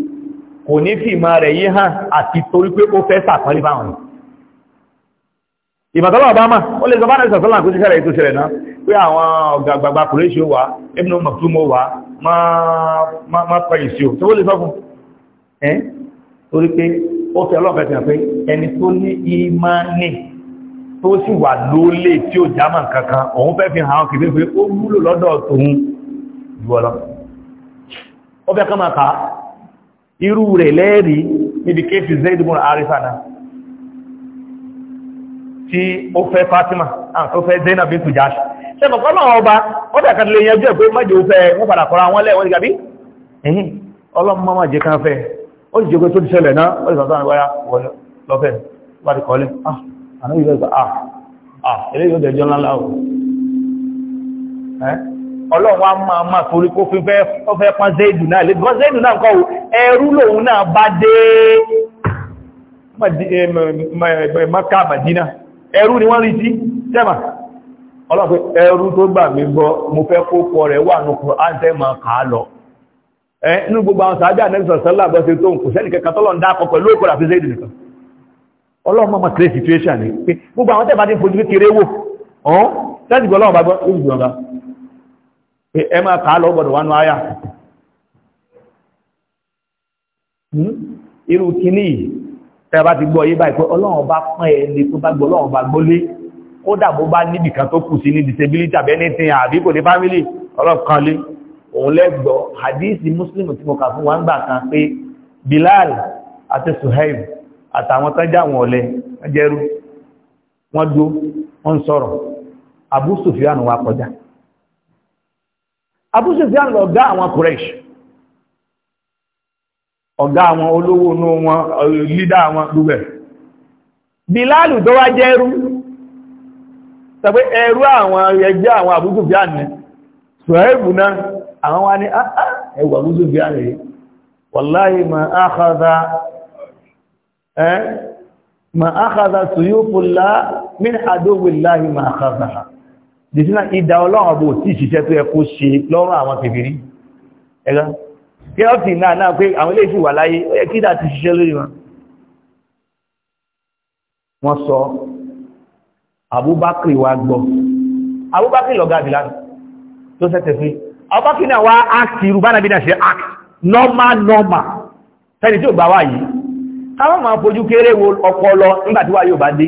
kò ní fi ìmọ̀ rẹ̀ yí hàn àti torí pé ó fẹ́ sàpọ́lé báwọn ni ìmọ̀tọ́lọ̀ ọba máa ó lè sọ bá náà sọ̀tọ́lá kó ṣiṣẹ́ rẹ̀ tó ṣẹlẹ̀ náà pé àwọn ọ̀gàgbàgbà kò lè ṣe wà ẹbùn ọmọ tó mọ́ wà máa pẹ̀yì sí o tó ó lè sọ fún ẹ́ torí pé ó fẹ́ ọlọ́pẹ́ tẹ̀ pé ẹni tó ní ìmánì tó sì wà lólè tí ó jámà kankan òun fẹ́ fi hàn kìí pé ó wúlò lọ́dọ̀ tòun jù ọlọ́ ó fẹ́ kọ́ máa kàá Iru rẹ̀ leri níbi kéfì zaidubun arifa náà tí ó fẹ́ fatima tó fẹ́ zainab bintu jash ṣẹ́kọ̀ọ́ ọba ó dàkàtàlẹ̀ yẹn jẹ́ pé mẹ́jọ fẹ́ wọ́n padà kọ́ra wọn lẹ́wọ́n gàbí ẹ̀yìn ọlọ́mọ ah ah ah ọlọ́run á máa máa torí kó fi fẹ́ pán zaidu náà lè bọ́ zaidu náà kọ́ ẹrú lòun náà bá dé mọ́ká eh, màdínà ẹrú ni wọ́n rí sí tẹ́mà ọlọ́pẹ́ ẹrú tó gbà mí gbọ́ mo fẹ́ kó pọ̀ rẹ̀ wà nù kùn áńtẹ́ máa kà á lọ inú gbogbo àwọn sàájà nẹ́sọ̀ sọ́lá bọ́ sí tó ni pé gbogbo àwọn tẹ́bà ti fojú kékeré wò ọ́n tẹ́sì gbọ́ ọlọ́run ẹ máa kàá lọ gbọ́dọ̀ wánú àyà hmm? irú kìíní tẹ́bá ti gbọ́ yé báyìí pé ọlọ́run bá pán ẹni tó bá gbọ́ ọlọ́run bá gbólé ó dàbó bá níbìkan tó kù sí ní disability abẹ́nitin àbí kò ní family ọlọ́kanlé òun lẹ́gbọ́ hadisi muslim tí mo kà fún wa ń gbà kan pé Bilal àti Suhaib àtàwọn tán jáwọn ọ̀lẹ jẹ́rú wọ́n dúó wọ́n sọ̀rọ̀ Abu Sufyan wá kọjá Abu Sufyan lọ̀gá àwọn Quraysh ọ̀gá àwọn olówó inú wọn lídá àwọn gbogbo ẹ̀ Bilalu tó wá jẹ́ ẹrú tàbí ẹrú àwọn ẹgbẹ́ àwọn Abu Sufyan ní ṣùgbẹ́bù náà àwọn wá ní ah, ah, ẹwà Abu Sufyan rẹ̀ wallahi ma akhadha eh ma akhadha suyufullah min aduwillahi ma akhadha dìsínà ìdá ọlọ́run ọbọ̀ tí ìṣiṣẹ́ tó yẹ kó ṣe lọ́rùn àwọn kèfèrí ẹ̀gá kí ọ́ sì náà náà pé àwọn ilé ìṣìwà láyé ó yẹ kí ìdá ti ṣiṣẹ́ lórí wọn wọ́n sọ Abubakar wa gbọ́ Abubakar lọ́gá àbílá tó sẹ́tẹ̀ fún Abubakar náà wá áàkì irú bánàbí náà ṣe áàkì nọ́mà nọ́mà fẹ́ni tí ò gbà wá yìí káwọn máa fojú kéré wo ọpọlọ nígbà tí wá yóò bá dé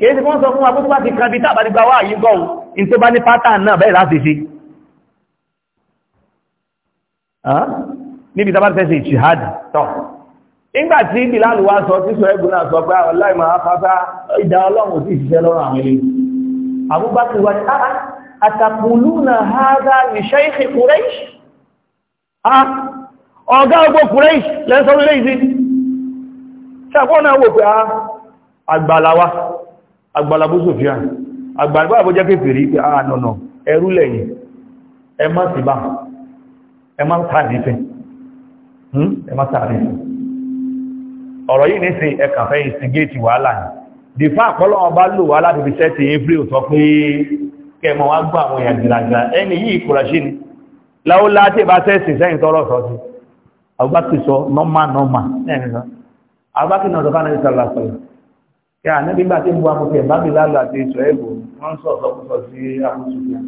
kìí sí kọ́n sọ fún agbótó bá ti kan bí tàbí gbà wá yìí gọ́ọ̀ in tó bá ní pátán náà bẹ́ẹ̀ láti ṣe níbi tàbí tẹ́sí jihad tọ́ ìgbà tí Bilal wá sọ tí sọ ẹgbùn náà sọ pé ọláì máa fáfá ìdá ọlọ́run ah, ah, ah, sí ìṣiṣẹ́ lọ́rọ̀ àwọn ilé Abubakar wá àtàkùnlúnà hádá ní ṣẹ́ìkì Quraish ọ̀gá ọgbọ́ Quraish lẹ́sọ́rọ̀ ilé ìsìn ṣàkọ́nà wò agbalabu Sofia, agbalabu àbójẹ́ kéfèrí pé a ah, nọ̀nà ẹrú lẹ́yìn ẹ má sì bá ẹ má tààrífẹ́ hmm? ẹ má tààrífẹ́ ọ̀rọ̀ yìí ní sí ẹkà fẹ́ ìsìngéètì wàhálà ní dìfà àpọ́lọ́ ọba lò wá láti fi sẹ́tì april sọ pé kẹmọ wá gbà àwọn èèyàn gìràgìrà ẹni yìí kùràṣí ni láúlá tí bá sẹ́sì sẹ́yìn tọ́rọ̀ sọ sí àgbákì sọ nọ́mà nọ́mà ẹ̀rìn lọ àgbákì náà sọ fánà ìsàlásọ̀lá kí a níbi gbà tí ń bu akókè bábílálà àti ìṣọ̀ ẹ̀bù wọ́n ń sọ̀tọ̀ púpọ̀ sí akóṣùgbà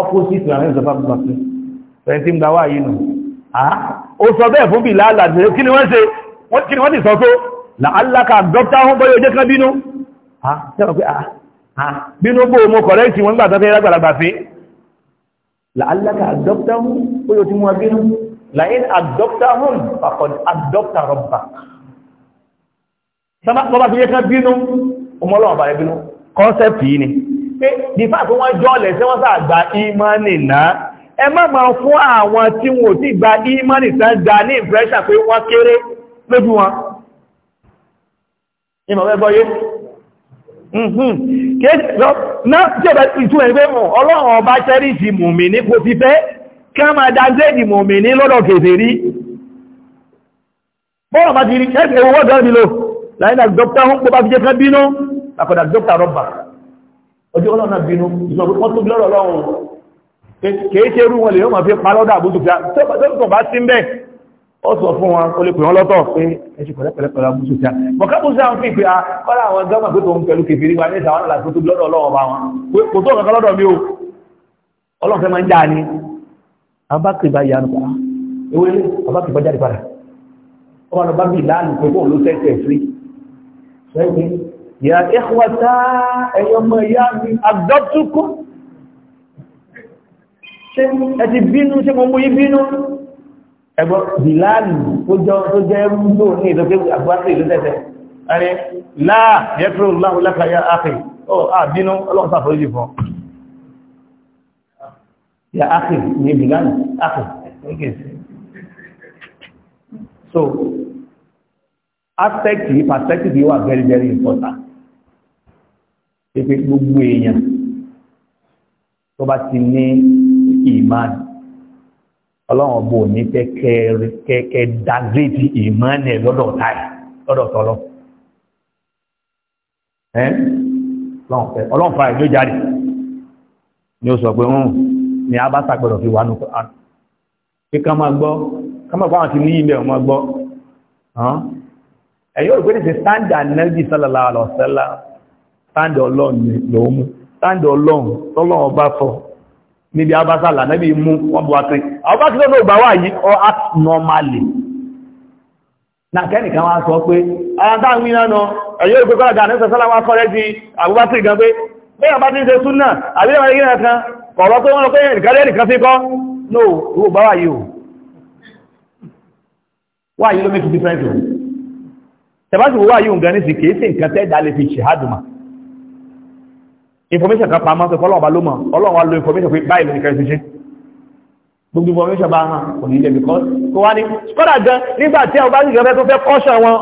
opposite àwọn ìṣọ̀fà púpọ̀ sí ẹni tí ń gbà wáyé nù ó sọ bẹ́ẹ̀ fún bílálà àti kí ni wọ́n ṣe kí ni wọ́n ti sọ tó làálàkà dọ́kítà wọn bọ́yọ̀ jẹ́ kan bínú bínú bó mo kọ̀rẹ́ẹ̀tì wọn gbà tọ́tẹ́ lágbàlagbà fi làálàkà dọ́kítà wọn bọ́yọ̀ ti mú abínú làyín àdọ́kítà wọn pàkọ̀ àdọ́kítà rọ̀bàkà bọ́bá ti yẹ kán bínú ọmọlọ́wọ́ bàrẹ bínú kọ́nsẹ̀pì yìí ni pé nífà tó wọ́n jọ́ọ̀lẹ̀ tí wọ́n sàgbà ìmánì náà ẹ má ma fún àwọn tí wọ́n ti gba ìmánì tán ga ní ìfẹ́ṣà pé wọ́n kéré lójú wọn ìmọ̀ mẹ́gbọ́ yé mhm. ọlọ́run ọba chẹ́rìsì mùmìnì kò fi fẹ́ kí wọ́n máa dáńdé mùmìnì lọ́dọ̀ kèfèrí bọ́ọ̀ bá ti rí ẹgbẹ̀rún wọ́n gọ́ọ̀dì lò láìlá dọ́kítà ń pọ̀ bá fi jẹ́ ká bínú àkọ̀dà dọ́kítà rọ́bà ọjọ́ ọlọ́nà bínú ìṣọ̀rọ̀ tó lọ́rọ̀ lọ́rùn kèé ṣe rú wọn lè yọ́mà fi palọ́dà àbútù fi àtọ́kọ̀ bá sí mẹ́ ọ sọ fún wọn kó lè pè wọn lọ́tọ̀ pé ẹṣù pẹ̀lẹ́pẹ̀lẹ́pẹ̀lẹ́ àbútù fi à bọ̀kábùsù àwọn fi pé a ah, kọ́lá àwọn gọ́mà pé tòun pẹ̀lú kèfèrí wa níta wọn làtútù lọ́dọ̀ lọ́wọ́ bá wọn kò tó kankan lọ́dọ̀ mi o ọlọ́run fẹ́ máa ń já ni abákìbá yanu pa ewé abákìbá jáde padà ọmọ bá mi láàlù pé bóun ló tẹ́sẹ̀ frí lẹ́yìn ya ikhwata ẹ̀yọ́ mọ̀ ìyá mi àgbọ́túkú ṣe ẹti bínú ṣe mọ̀ mú yí bínú ẹgbọ́ bìláàlù tó jẹ́ ẹrú ló ní ìdọ́gbé àgbáṣe ìlú tẹ́tẹ́ ẹni láà yẹ́kúrò láhùn lákàáyá áfì ó àbínú ọlọ́pàá ya áfì ní bìláàlù aspect yìí perspective yìí wà very very important pépé gbogbo èèyàn tó bá ti ní ìmán ọlọ́run ọba ò ní fẹ́ kẹ́kẹ́ di ìmán ẹ̀ lọ́dọ̀ táì lọ́dọ̀ tọ́lọ́ ọlọ́run fara ìjọ jáde ni ó sọ pé ń ní abáta gbọdọ̀ fi wà nù pé ká máa gbọ́ ká máa gbọ́ àwọn ti ní ilẹ̀ ọmọ gbọ́ ẹ̀yọ́ ìgbé nìsẹ̀ stand Ànábì sallallahu alaihi wasallam stand ọlọ́run lòun mú stand ọlọ́run tọ́lọ́run bá sọ níbi abásàlà Ànábì mú wọ́n bọ́ akiri àwọn bá kílẹ̀ náà gbà wà yí ọ act normally na kẹ́nìkan wá sọ pé ara tá àwọn ìrànà ẹ̀yọ́ ìgbé kọ́lá Ànábì sallallahu alaihi wasallam kọ́rẹ́ ti àbúbákiri gan pé bẹ́ẹ̀ bá ti ń ṣe súnà àbí ẹ̀rọ ìrìnà kan kọ̀rọ̀ pé no owó bá wà yí o wà make a difference tẹ̀bátì wọ́wà yíò gan ní sí kìí sí nǹkan tẹ́ẹ̀dà lè fi ṣìhádùmá information kan pàmọ́ pẹ̀lú ọlọ́ọ̀bá ló mọ̀ ọlọ́ọ̀wá lo information pé báyìí lónìí kẹrìsì ṣe gbogbo information bá hàn kò ní ilẹ̀ because kó wá ní kọ́dà gan nígbà tí ọba ní ìgbẹ́ tó fẹ́ kọ́ṣọ́ wọn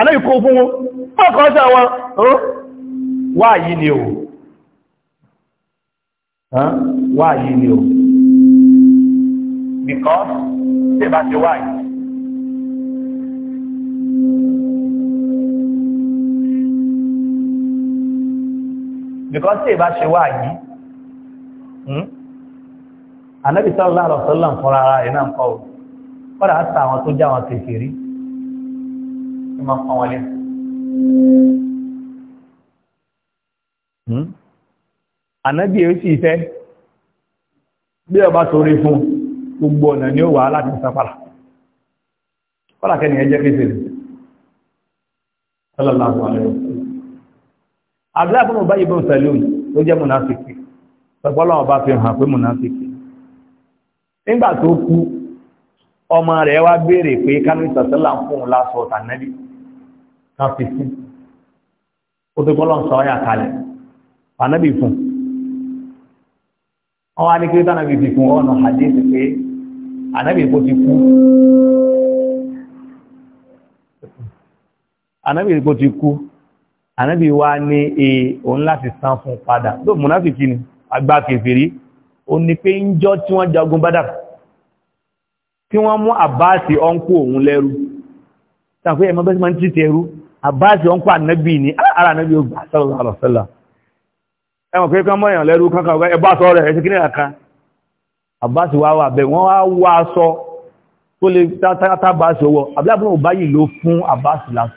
anábì kó fún wọn fọ́ kọ́ṣọ́ wọn wá yìí ni o wá yìí ni o because tẹ́bátì wá yìí because tí ìbá ṣe wà yìí hmm? Ànábì sallallahu alaihi wasallam fúnra ara rẹ̀ náà ń pọ̀ kọ́dà á sa àwọn tó já àwọn kèfèrí tí wọ́n pọ̀ wọlé Ànábì èyí sì fẹ́ bí ọba torí fún gbogbo ọ̀nà ni ó wà láti sápàlà kọ́dà kẹ́ni ẹjẹ́ kéfèrí sallallahu alaihi wasallam abdullahi bin ubayi bin salul ló jẹ́ munafiki sọpọ́lọ́wọ́ bá fi hàn pé munafiki nígbà tó kú ọmọ rẹ̀ wá béèrè pé kánú ìsọ̀sọ́là ń fún un lásọ tànẹ́bí kan fi sí ó tó kọ́lọ́ sọ ọ́yà kalẹ̀ tànẹ́bí fún wọn wá ní kí tànẹ́bí fi fún ọ̀nà àdéhùn pé ànẹ́bí kò ti kú ànẹ́bí kò ti kú ànábì wá ní e òun láti san fún padà tó múnáfìkì ni àgbà kèfèrí ó ní pé ń jọ tí wọ́n jagun bádà tí wọ́n mú àbáàsì ọ́nkú òun lẹ́rú tàbí ẹ̀mọ́ bẹ́sí máa ń títẹ̀ ẹrú àbáàsì ọ́nkú ànábì ní ah, ara ànábì ó gbà sallallahu alaihi wasallam ẹmọ̀ pé kán mọ́yàn lẹ́rú kankan ọgbẹ́ ẹbá sọ rẹ̀ ẹ̀sìn kìnnìyàn kan àbáàsì wá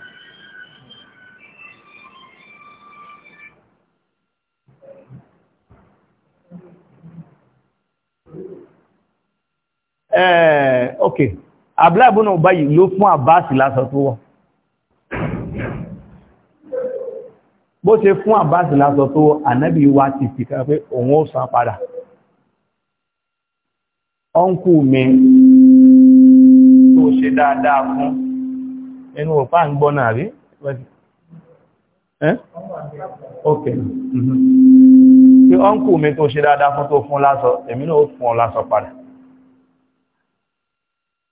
Eh, ok abúláàbúnà báyìí ló fún àbáàsì lásọ tó wọ̀ bó ṣe fún àbáàsì lásọ tó wọ̀ ànábì wá ti fi ká pé òun ó san padà ọ́nkù mi tó ṣe dáadáa fún ẹnu ọ̀pá ń gbọ́ náà rí eh? ok tí ọ́nkù mi tó ṣe dáadáa fún tó fún lásọ èmi náà ó fún ọ lásọ padà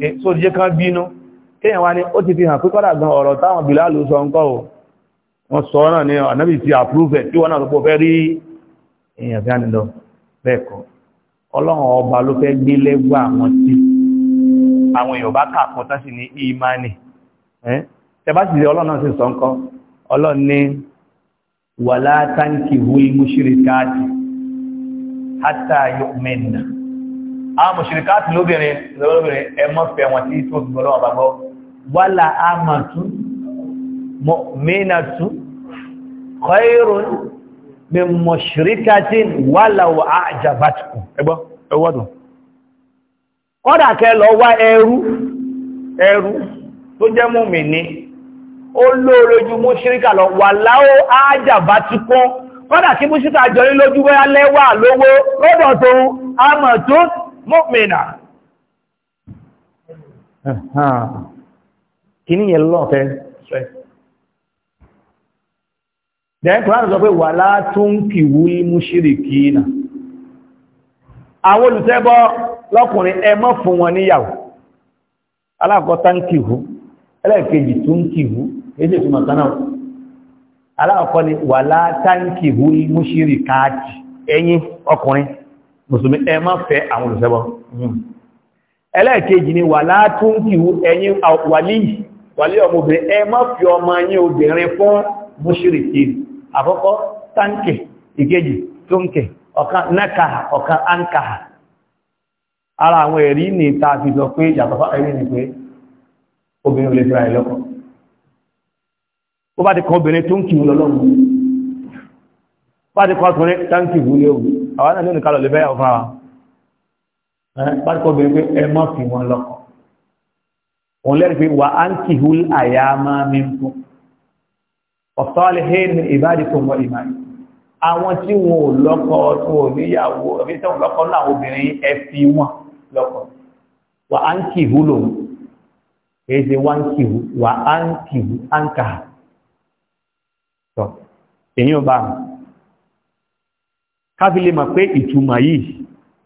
Eh, so jẹ́ kan bínú kéèyàn wá ní ó ti fi hàn ọ̀rọ̀ táwọn sọ ń kọ́ wọ́n sọ náà ní ànábì ti approve ẹ̀ tí wọ́n náà tó pọ̀ fẹ́ rí fi hàn lọ ọlọ́run ọba ló fẹ́ gbé lẹ́gbọ́ àwọn tí àwọn èèyàn bá àwọn mọ̀ṣìríkáàtì lóbìnrin lóbìnrin ẹmọ́ fẹ́ wọn tí tó gbọ́lọ́ àbábọ́ wàlà àmàtú mọ́mínàtú khairun min mọ̀ṣìríkáàtì wàlà àjàbátùkù ẹgbọ́ ẹwọ́dùn kọ́dà kẹ́ lọ wá ẹrú ẹrú tó jẹ́ mùmínì ó mọ́mìnà kì ní yẹn lọ́fẹ́ ṣẹ́ dẹ̀ kùránì sọ wala wà látún kìwú mú ṣíríkì náà àwọn olùṣẹbọ lọ́kùnrin ẹ má fún wọn níyàwó alákọ̀ọ́ta ń kìwú ẹlẹ́ẹ̀kejì tún kìwú èdè tó ni wala mùsùlùmí ẹ má fẹ́ àwọn olùsẹ́bọ hmm. ẹlẹ́ẹ̀kejì ni wà látún kí ẹ̀yin wàlí wàlí ọmọbìnrin ẹ má fi ọmọ yín obìnrin fún mùṣírikí àkọ́kọ́ táǹkì ìkejì tóǹkì ọ̀kan náka ọ̀kan áǹkà ara àwọn ẹ̀rí ní ta fi sọ pé yàtọ̀fà ẹ̀rí ni pé obìnrin ò lè fẹ́ra ẹ̀ lọ́kọ ó bá ti kọ obìnrin tó ń kìí lọ́lọ́run bá ti kọ ọkùnrin táǹkì ìwúlé òun àwọn náà ní ìkàlọ̀ lè fẹ́yàwó fún wa bákan obìnrin pé ẹ má fi wọn lọ́kọ òun lẹ́rìí pé wà á ń kìhul àyà máa mi ń kú ọ̀sọ́lẹ̀ hẹ́ẹ̀n ìbáàdì tó ń wọ ìmá àwọn tí wọn ò èyí ò bá mi káfí lè mọ̀ pé ìtumà yìí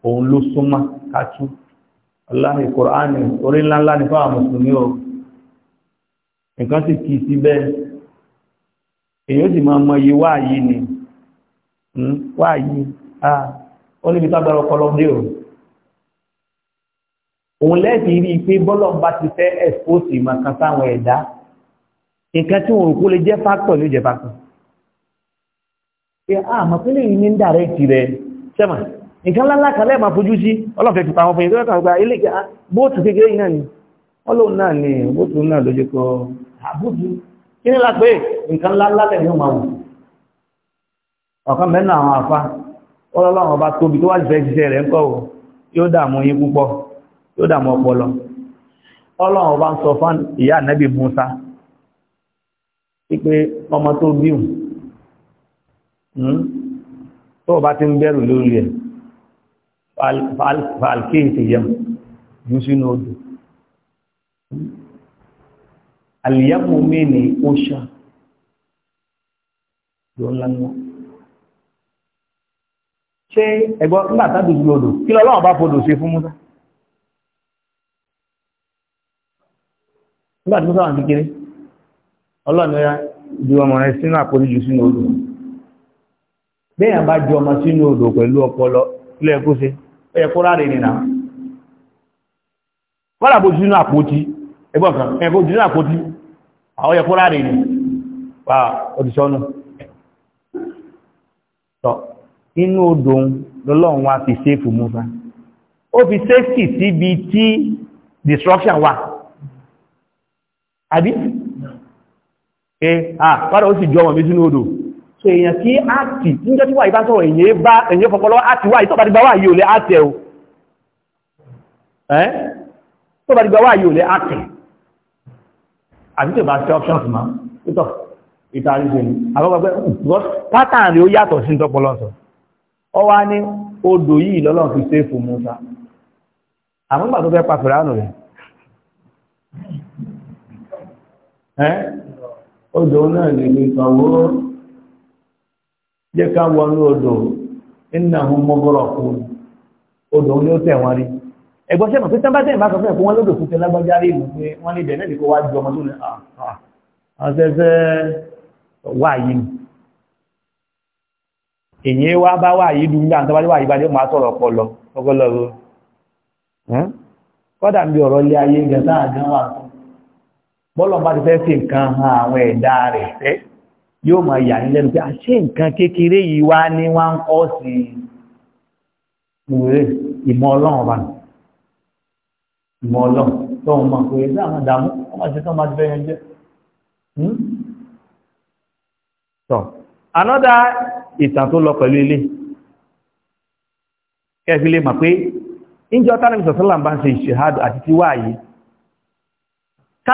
òun ló súnmọ́ kátú aláhì kòránì orí ńláńlá ní fáwọn mùsùlùmí o nǹkan sì kì sí bẹ́ẹ̀ èyàn sì máa mọ iye wáàyí ni hmm, wáàyí a ó níbi tágbára ọpọlọ dé o òun lẹ́ẹ̀kì rí i pé bọ́lọ̀ bá ti fẹ́ ẹ̀fóòsì màkàn sáwọn ẹ̀dá nǹkan tí òun kó lè jẹ́ fáktọ̀ ló jẹ́ fáktọ̀ àmọ́ pínlẹ̀ yìí ni dàrẹ́kì rẹ̀ sẹ́mà nǹkan lálá kalẹ̀ la fojú sí ọlọ́fẹ́ ti pàwọn fẹ́yìn tó yàtọ̀ gba ilé ìgbà ah, bóòtù ni ọlọ́run náà ni bóòtù náà ló pe kọ́ àbóòtù la ni lápẹ́ ma lálá lẹ̀ ní ọmọ ọ̀kan mẹ́nu ọba tóbi o ọpọlọ Musa Hmm? tó o bá ti ń bẹ̀rù lórí ẹ̀ fàálkì ìtìyẹm jù sínú odò àlìyàmù mi ní oṣà ló ńlá ńlá ṣé ẹ̀gbọ́n nígbà tábí ju odò kí lọ́lọ́wọ́ bá fodò ṣe fún Musa nígbà tí Musa kékeré ọlọ́ọ̀ni ó yá sínú àpòrí jù sínú odò bẹ́yàn bá ju ọmọ sínú odò pẹ̀lú ọpọlọ lẹ́ẹ̀kúsí ẹ̀kú ráre nìna kọ́lá bó sínú àpótí ẹgbọ́n kan ẹ̀kú sínú àpótí àwọn ẹ̀kú ráre nì wà òdìṣọ́nù tọ́ inú odò lọ́lọ́run wá fi séfù Musa ó fi séfì síbi tí destruction wà àbí ẹ̀ ah kọ́lá ó sì ju ọmọ mi sínú odò so èyàn kí áàtì níjọ́ tí wà ìbá sọ̀rọ̀ èyàn bá èyàn fọpọlọ áàtì wà ìtọ́bà dìgbà wà yìí ò lè áàtì ẹ̀ o ẹ́ tọ́bà dìgbà wà yìí ò lè áàtì àti tí ò bá ṣe options ma ìtọ̀ ìtàríṣẹ́ ni àbọ́gbẹ́ pátán rí ó yàtọ̀ sí tọ́pọlọ sọ ọ wá ní odò yìí lọ́lọ́n fi ṣe fún Musa jẹ́ ká wọnú odò innahum mughraqun odò ní ó tẹ̀ wọ́n rí ẹgbọ́n sẹ́mọ̀ pé tẹ́mbá tẹ́mbá sọ fún wọn lódò fún tẹ lágbájá ìlú pé wọ́n ní bẹ̀rẹ̀ nìkan wá ju ọmọ tó ní àṣẹṣẹ ah, ah, ah, wà yìí èyí wá bá wà yìí dùn wà yìí ọpọlọ kọ́dà ń bí ọ̀rọ̀ ilé ayé yóò máa yà ní lẹ́nu pé a ah, ṣe nǹkan kékeré yìí wá ní wá ń kọ́ sí ìwé ìmọ̀ ọlọ́run wa ìmọ̀ ọlọ́run tó ń mọ̀ pé ẹgbẹ́ àwọn ìdààmú wọ́n máa ṣe tán máa ti jẹ́ tọ́ anọ́dá ìtàn tó lọ pẹ̀lú ilé lè mọ̀ pé ìjọ ń bá ń ṣe àti ká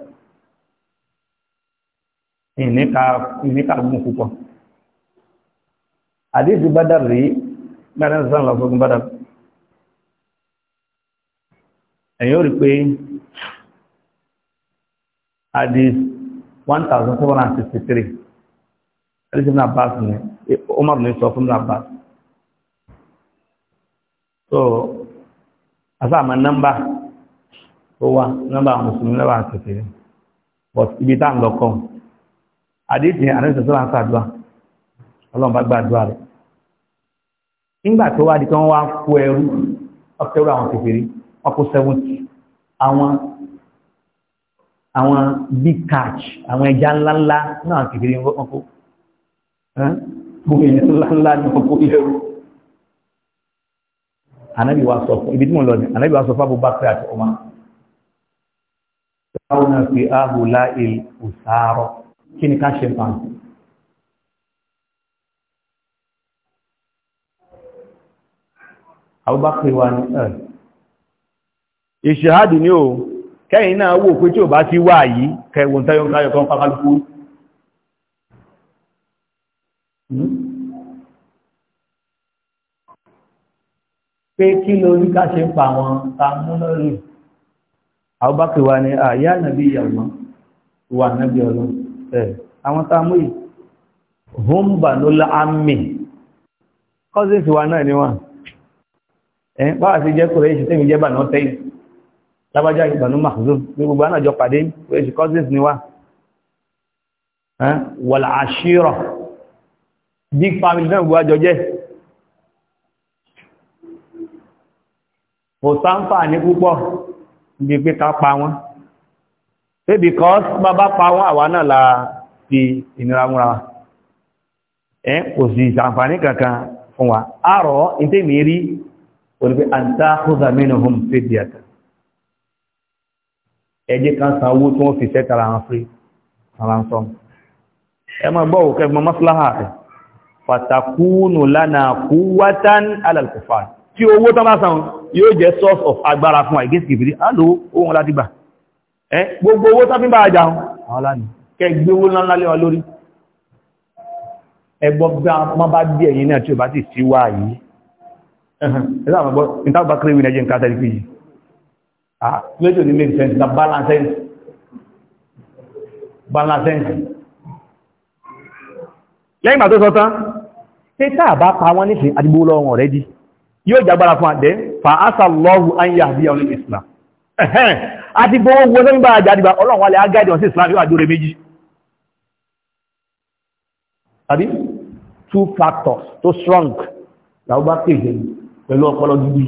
ìníkà gún púpọ̀ àdíjì Badar rí mẹ́rin sáà lọ fún Badar ẹ̀yìn ó rí pé 1763 àdíjì Ibn Abbas ni, Umar ni sọ fún Ibn Abbas so asáàmà nọ́mbà tó wá nọ́mbà muslim lọ́wọ́ àti kìrì but ibi tá à ń àdéhùn àrẹ́sẹ̀ tó láǹkà àdúrà ọlọ́run bá gba àdúrà rẹ̀ nígbà tó wá di kan wá kó ẹrú ọkẹrú àwọn kèfèrí ọkọ sẹ́wọ́ntì àwọn big catch àwọn ẹja ńláńlá náà kèfèrí ọkọ gbogbo èèyàn ńláńlá ní ọkọ ẹrú ànábì wa sọ fún ibi tí mo lọ ní ànábì wa sọ fún Abubakar kí ni ká ṣe ń pàǹtí. Abubakar wa ni ẹ̀. Ìṣẹ́hádì ni ó, kẹ́yìn náà wò pé tí ò bá ti wà yìí, kẹwọ́n tẹ́yọ́ káyọ̀ kan pápálùkú. Pé kí ló rí ká ṣe ń pa àwọn ta mú lórí? Abubakar wa ni, àyá nàbí ìyàwó, wà nàbí ọlọ́run àwọn tá a mú yìí humbanula ami cousins wa náà ni wọ́n ẹ̀ báwa sí jẹ́ kúrẹ́ ìṣẹ́ tẹ́mi jẹ́ bà náà tẹ́yìn lábájá ìbànú mahzum ní gbogbo àná jọ pàdé kúrẹ́ ìṣẹ́ ni wá wal ashira big family náà gbogbo àjọ jẹ́ kò sáǹfà ní púpọ̀ ibi pé ká pa wọn pé because bàbá pa wọ́n àwa náà la fi ìnira múra wa ẹ́ kò sí ìsànfàní kankan fún wa àárọ̀ ìtẹ́mì rí olùgbé àǹtá kúzà mínú home fèdíàtà ẹjẹ́ kan san owó tí wọ́n fi sẹ́tara wọn frí ransom ẹ máa gbọ́ òkè mọ́ mọ́síláhà rẹ̀ fàtàkùnù lánàá kúwátán alàlùkùfà tí owó tán bá san yóò jẹ́ source of agbára fún àìgẹ́sìkì fìdí á lò ó wọn láti gbà gbogbo owó tó fi bá àjà wọn àwọn aláàni kẹgbé owó ńlá lẹ́wà lórí ẹgbọ́ bá má bá bí ẹ̀yìn náà tí ó bá ti sí wá yìí ẹ̀sà ìtàgbà kírèwì nẹ́jẹ́ nǹkan tẹ́lẹ̀ fíjì ah lẹ́tọ̀ ní make sense na sense balance sense lẹ́yìn ìgbà tó sọ tán tí táà bá pa wọ́n nífẹ̀ẹ́ àdìgbò lọ́wọ́ rẹ̀ di yóò jágbára fún àdẹ́ fa asàlọ́hù an yahdiya ní islam ẹ̀hẹ́n àti gbogbo owó tó ń gbà àjàdìbà ọlọ́run alẹ́ agáìdì ọ̀sí ìsìlámi wà dúró méjì tàbí two factors tó strong làwọn bá pè jẹ́ pẹ̀lú ọpọlọ gidi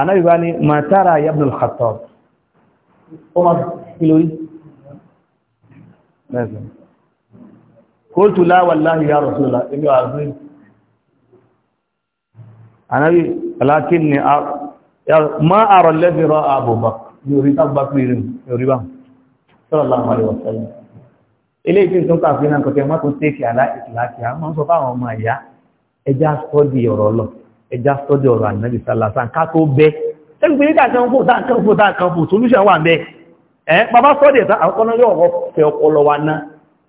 anábìbá ni matara yabnul Khattab ó máa kí lórí kóòtù la wallahi ya Rasulullah ibi àrùn anábì alákínni ma àrọ̀ lẹ́bí rọ àbùbà ní orí tágbà pé irin orí bá sallallahu alaihi wasallam ilé ìfín tó ń kà fún náà kọ̀kẹ́ má tó tẹ́kì àlá ìtìláàkì á máa ń sọ fáwọn ọmọ àyá ẹja sọ́dì ọ̀rọ̀ lọ ẹja sọ́dì ọ̀rọ̀ ànábì sálà sàn ká tó bẹ́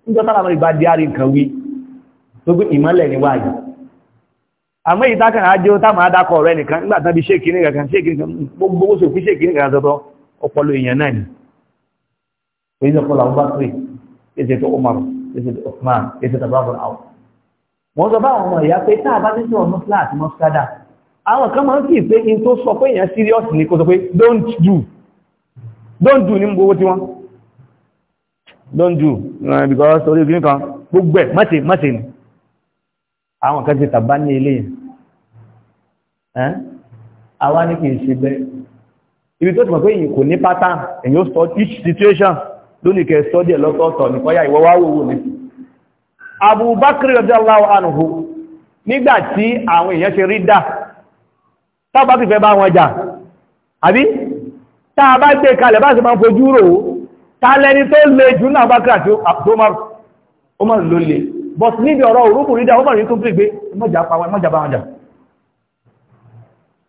ẹgbẹ́ pé nígbà di àrí nǹkan wí tó gbé ni wáyìí àmọ́ èyí tákàn àjò táàmà àdákọ̀ rẹ̀ nìkan nígbàtán bí ṣékìní kankan ṣékìní kan gbogbo ó sòfin ṣékìní kankan tọ́tọ́ ọpọlọ èèyàn náà ni èyí tó kọlà ọba pé èsì tó Umar èsì tó Uthman èsì tó bàbá àwọn wọ́n sọ báwọn ọmọ ìyá pé tá a bá tẹ́sí ọ̀nà flat mọ́sádà àwọn kan máa tó sọ pé ni kó don't do don't do ní gbogbo tí wọ́n don't do because orí obìnrin kan gbogbo ẹ̀ mọ́tẹ̀ àwọn kan ti tàbá ní ilé yẹn àwa ní kìí ṣe bẹ́ẹ̀ ibi tó ti mọ̀ pé èyí kò ní pátá èyí ó sọ each situation lónìí kẹ sọ díẹ̀ lọ́tọ̀ọ̀tọ̀ nìkan yá ìwọ́ wá wòwò ní Abubakar radiyallahu anhu nígbà tí àwọn èèyàn ṣe rí dà tábà ti fẹ́ bá wọn jà àbí táà bá gbé kalẹ̀ bá sì máa fojú rò ó ta lẹni tó le jù náà Abubakar àti Umar ló but níbi ọ̀rọ̀ òrùkù rídà ó mọ̀rin tún pègbé mọ́jàbá wọn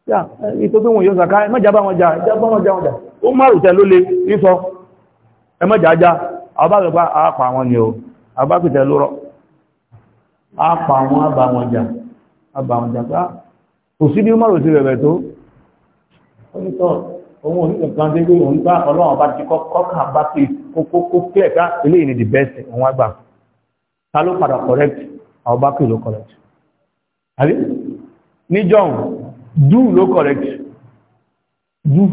jà ìtò pé wọn yóò zàká mọ́jàbá wọn jà ìjọba wọn jà wọn jà ó márùn tẹ ló lè ìsọ ẹmọ́jàájá àbábẹ̀pá àápa wọn ni ó àbápìtẹ̀ lórọ́ àápa wọn àbá wọn jà àbá wọn jà pá kò sí bí márùn sí rẹ̀rẹ̀ tó onítọ̀ ohun oníkan tí ó ń bá ọlọ́run bá ti kọ́kà bá ti kókó kó kẹ́ẹ̀ká eléyìí ni the best òun àgbà ta ló padà correct Abubakar ló correct àbí ní john duu ló correct du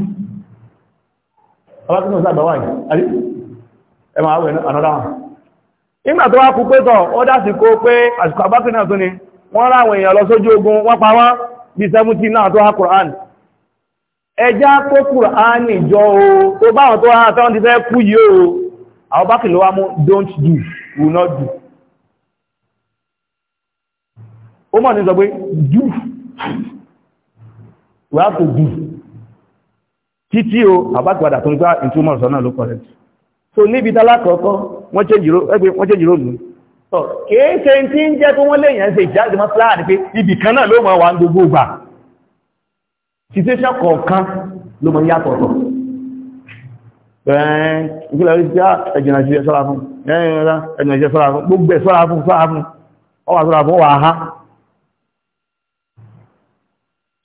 Abubakar náà sàgbà wáyé àbí another one nígbà tó wá kú pé pé náà tún ni wọ́n ráwọn èèyàn lọ sójú ogun 17 náà tó ẹjá o tó báwọn tó o ló wá don't do will not do ó mọ̀ ní sọ pé do we have to do títí o àbápadà tó ń gbá ìtumọ̀ sọ náà ló correct so níbi tálákọ̀ọ́kọ́ wọ́n change role ní tọ́ kéèké tí ń jẹ́ tó wọ́n lè yẹn ṣe ìjáde mọ́ fláàdì pé ibì kan náà ló mọ̀ wà ń gbogbo gbà situation kọ̀ọ̀kan ló mọ̀ yàtọ̀ọ̀tọ̀ ìpínlẹ̀ ìjá ah, ẹ̀jìnà ìṣẹ́ sọ́ra fún ẹ̀yìn ẹ̀jìnà ìṣẹ́ sọ́ra fún gbogbo ẹ̀ sọ́ra fún sọ́ra fún ọwà sọ́ra fún wà á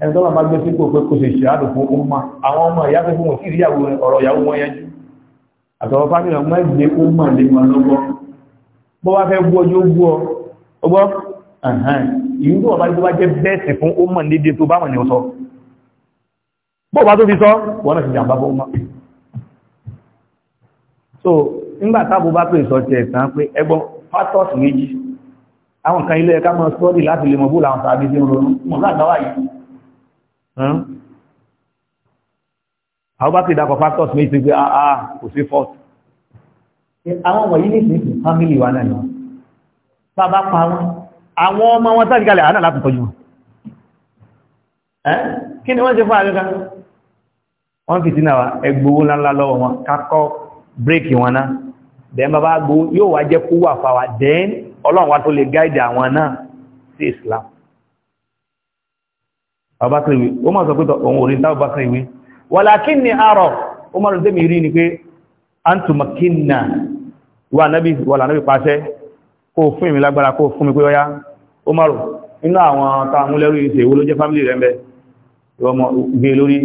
ẹni tó bá gbé sípò pé kò sì ṣe àdùkú ọmọ àwọn ọmọ ìyá pé fún wọn sí ìyàwó ọ̀rọ̀ ìyàwó wọn yẹjú àtọwọ́ fámìlì ọmọ ẹgbẹ́ ọmọ lè wọn lọ́gbọ́ bó bá fẹ́ bú ọjọ́ bú ọ ọgbọ́ ìlú tó bá bá jẹ́ bẹ́ẹ̀sì fún ọmọ nídìí tó bá wọn ni ó sọ bó bá tó fi sọ wọn náà ti jàǹbá fún ọmọ so nígbà táàbù bá pè sọ ti ẹ̀sán pé ẹgbọ́n pátọ́ọ̀sì méjì àwọn kan ilé ẹ̀ká mọ́ sọ́ọ́dì láti lè mọ̀ bó làwọn àwọn bá ti dàpọ̀ factors méjì pé àà ah, ah, kò sí fọ́ọ̀tù àwọn wọ̀nyí ní ìsìnkú family wa náà náà sábà pa wọn àwọn ọmọ wọn tàbí kalẹ̀ àánà láti tọ́jú wọn kí ni wọ́n ṣe fún àríkà wọ́n fi sínú àwọn ẹgbówó ńláńlá lọ́wọ́ wọn kákọ́ bírèkì wọn náà then bàbá gbó yóò wá jẹ́ kó wà fáwà then ọlọ́run wa tó lè gáìdì àwọn náà sí Islam Abubakar ìwé ó máa sọ pé òun orí táwọn Abubakar ìwé walakinni ara ó máa rẹ̀ tẹ́mi rí ni pé antumakinna wà nábi wà nábi pàṣẹ kó fún ìmì lágbára kó fún mi pé ọyá ó máa rò nínú àwọn tààmúlẹ́rù ìṣe ìwó ló jẹ́ fámílì rẹ̀ ń bẹ ìwọ̀mọ̀ gbé e lórí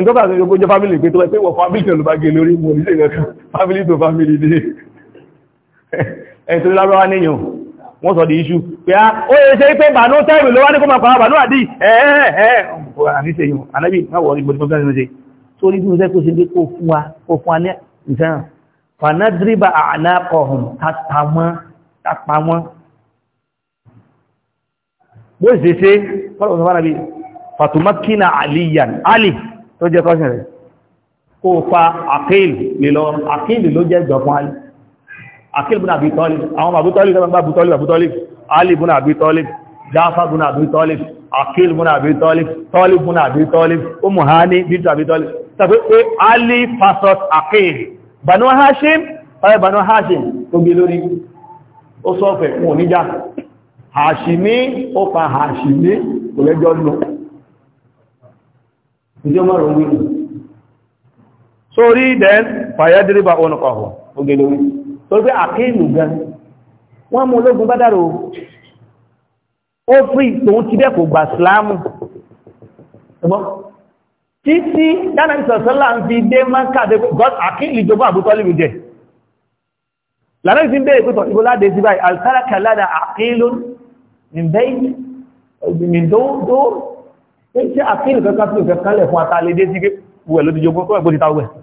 ìtọ́ta àti ìjọkó jẹ́ fámílì pé tó wẹ́ pé wọ fámílì tó ló bá gé e lórí mo ní sí ìrẹ́kan fámílì tó fámílì ní ẹ̀ tó lábẹ́ wá níyàn wọ́n sọ di iṣu pé á ó yẹ ṣe pé bànú tẹ́rù ló wá ní kó máa pàá bànú àdí ẹ̀ẹ́ẹ̀ẹ́ àníṣe yìí anábì máwọ̀ ìgbòdì fún gáàsì ṣe tó rí bí mo fẹ́ kó ṣe pé kó fún wa kó fún wa ní ìtàn fanadriba àná ọ̀hún tapamọ́ tapamọ́ bó ṣe ṣe fọ́lọ̀ sọ fánàbí fatumakina aliyan ali tó jẹ́ kọ́ṣẹ̀ rẹ̀ kó fa àkílì lè lọ àkílì ló jẹ́ jọ fún ali àkílì bí na àbútọ́lì Ali ibn Abi Talib Jafar ibn Abi Talib Akil ibn Abi Talib Talib ibn Abi Talib Ummu Hani bint Abi Talib tàbí pé Ali fasot Akil Banu Hashim ọ̀rẹ́ Banu Hashim tó gbé lórí ó sọ́fẹ̀ fún oníjà Hashimi ó pa Hashimi kò lẹ́jọ́ lọ ìjọ márùn-ún wíwú sórí dẹ́n fàyẹ́dìrí bá ọ̀nà kọ̀ọ̀kọ̀ ó gbé lórí Akil gan wọ́n mú ológun bá dárò ó fún ìtòun ti bẹ́ẹ̀ kò gbà sílámù ẹgbọ́n títí dáná ìsọ̀sọ́lá ń fi dé máa ń káàdé god akílì ìjọba àbútọ́ lè jẹ lára ìsìn bẹ́ẹ̀ pẹ́tọ̀ ìbò láde sí báyìí alkálàkà lára àkílò ìbẹ́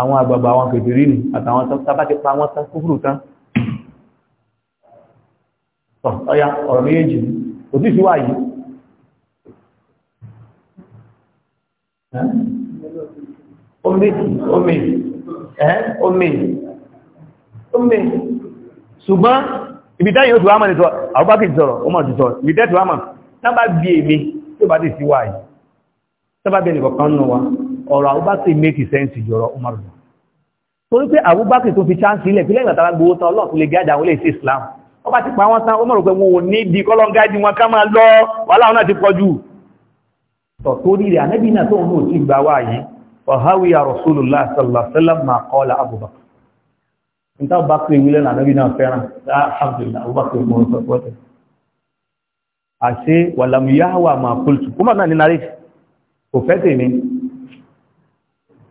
àwọn àgbàgbà àwọn kèfèrí nì àtàwọn tàbá ti pa wọ́n kúrò tán ọ̀yá ọ̀rọ̀ méjì kò sí síwá yìí omi omi omi omi ṣùgbọ́n ibi táyìn ó tíwámà nìtọ́ àwọ́bákì sọ̀rọ̀ ọmọ ìtọ́ ibi tẹ́ tíwámà tábà bí èmi tó bá dì e síwá yìí tábà bí ẹnìkọ̀kan náà ọ̀rọ̀ Abubakar make sense jọrọ Umaru lọ torí pé Abubakar tó fi chance ilẹ̀ pílẹ̀ ìgbà tàbí gbowó tán Ọlọ́run lè gáàdì àwọn ilé ìsìn Islam wọ́n bá ti pa wọ́n tán Umaru pé wọn ò ní di kọ́lọ́n gáàdì wọn ká máa lọ wàhálà wọn náà ti pọ̀ jù tọ̀ torí rẹ̀ anẹ́bí náà tóun náà ti gbà wá yìí ọ̀háwí ya Rasulullah sallallahu alaihi wasallam ma qala Abubakar níta ah, bá pé máa kúlùtù kúmọ̀ náà ní narí kò fẹ́ tèmi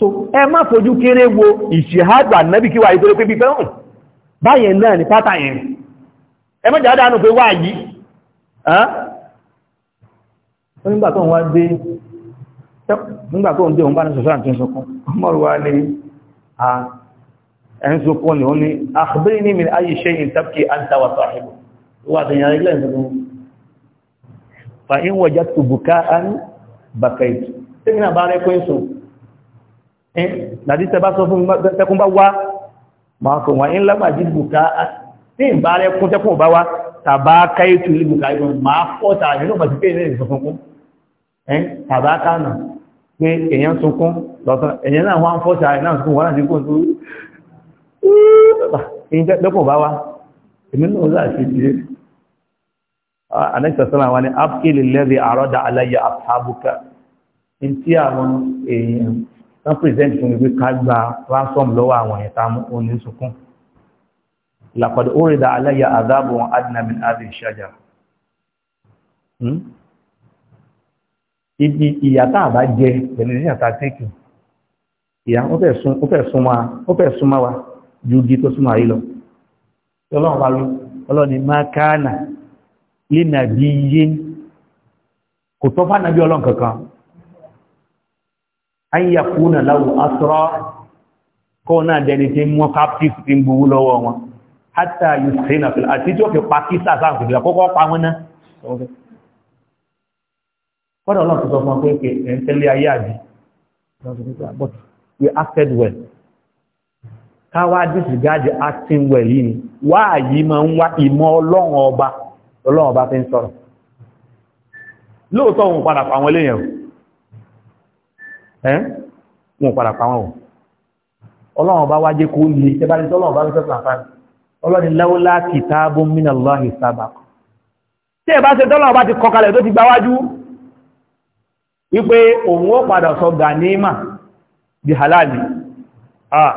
so ẹ má fojú kéré wo ìṣìhádù ànábì kí wà ìtòrò pé bí fẹ́hùn báyẹn náà ní pátá yẹn ẹ mọ́ jáde àánú pé wà yìí ọ́n nígbà tó ń wá dé nígbà tó ń dé òun bá ní sọ̀sọ́ àti ìṣọ́kún mọ́rùwá ní ẹ̀ńsọ́kún Eh, láti tẹ́ bá sọ fún tẹ́kún bá wá ma kò wọ́n in lágbà jí bùká tí ń bá rẹ́kún tẹ́kún bá wá tàbá káyé tù ní bùká ìwọ̀n ma fọ́ tààrí ló pàtí pé ìrìn ìsọ̀kún eh, tàbá kánà pé èyàn sunkún lọ́sàn èyàn náà wọ́n fọ́ tààrí náà sunkún wọ́n láti kún wọ́n pèsèǹtì fún mi pé ká gba ransom lọ́wọ́ àwọn yẹn tá a ní sunkún làkọ̀dọ̀ ó rí da aláya àdáàbò wọn adìnà min adì ìṣàjà hmm? ibi ìyà tá a bá jẹ pẹ̀lú ìyà tá a tẹ́kì ìyà ó fẹ́ súnmọ́ wa ju igi tó súnmọ́ ayé lọ ọlọ́run wa ló ọlọ́ni máa káánà lẹ́nà bí yé kò tọ́ fánàbí ọlọ́run kankan an yà kúnà láwù asọ́rọ̀ kọ́ náà dẹni tí mọ́ captive ti ń gbogbo lọ́wọ́ wọn hátà yusufina fìlà àti tí ó fi pa kísà sáàkù kọ́kọ́ pa wọn náà fọ́dọ̀ fún pé ẹ̀ ayé àbí we acted well káwá disregard acting well yìí ni wá àyí máa ń wá ìmọ̀ ọlọ́run ọba ọlọ́run ọba fi ń sọ̀rọ̀ lóòótọ́ òun padà pa àwọn ẹ́ wọn padà pa wọn o ọlọ́run bá wájé kó lè tẹ́ bá lè tọ́ ọlọ́run bá lè tọ́ sàǹfààní ọlọ́run ni láwọ́lá kitabun minallahi sabaq tí ẹ bá ṣe tọ́lọ́run bá ti kọ tó ti gba wípé òun ó padà sọ gànímà bí halali ah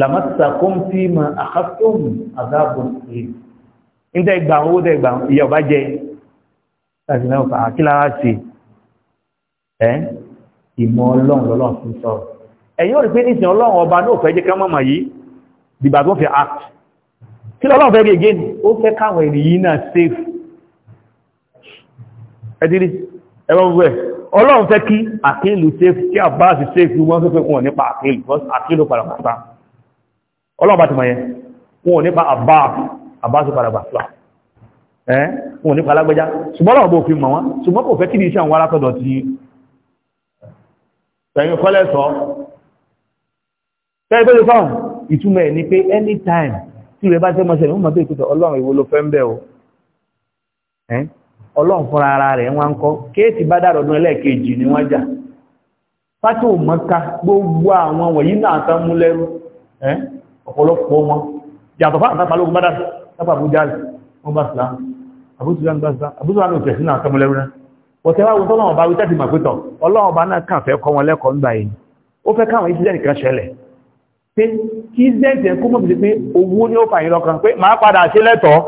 lamassakum fima akhadtum adhabun alim ń tẹ́ gbà owó tẹ́ gbà ìyá ọba jẹ láti náà ìmọ̀ ọlọ́run lọ́lọ́run fún sọ̀rọ̀ ẹ̀yìn òrì pé ìsìn ọlọ́run ọba náà fẹ́ jẹ́ ká mọ́mà yìí dìbà tó fẹ́ act kí lọ́lọ́run fẹ́ gẹ́gẹ́ ní ó fẹ́ káwọn ẹni yìí náà safe ẹ̀dìrí ẹ̀wọ̀n rẹ̀ ọlọ́run fẹ́ kí àkílù safe kí àbá sí safe wọ́n fẹ́ wọn nípa àkílù àkílù padàbàtà ọlọ́run bá ti mọ̀ yẹn wọn nípa àbá àbá sí padàbàtà ẹ̀ wọn nípa alágbẹ́já ṣùgbọ́n ọlọ́run bó fi mọ̀ wọn ṣùgbọ́n kò fẹ́ kí ní iṣẹ́ àwọn arátọ̀dọ̀ ti tẹ̀yìn kọ́lẹ̀ sọ tẹ́yìn pẹ́lú sọ́n ìtumọ̀ ẹ̀ pé anytime tí rẹ̀ bá tẹ́ mọ́ṣẹ́ ìwọ́n ìpìtọ̀ ọlọ́run fẹ́ ń o ọlọ́run ara rẹ̀ wọ́n ń kọ́ bá ọdún ẹlẹ́ẹ̀kejì ni wọ́n jà gbogbo àwọn wọ̀nyí náà tán mú lẹ́rú ọ̀pọ̀lọpọ̀ wọn yàtọ̀ fáwọn bá àbújá wọn bá àbújá àbújá ọ̀tẹ́wà wo tọ́lọ́wọ̀n bá wí tẹ́tì màpítọ̀ ọlọ́wọ̀n bá náà kàn fẹ́ kọ́ wọn lẹ́kọ̀ọ́ ń gbà yìí ó fẹ́ káwọn incident kan ṣẹlẹ̀ pé kí incident yẹn kó mọ̀bìlì pé owó ni ó fà yín lọ́kàn pé máa padà ṣe lẹ́tọ̀ọ́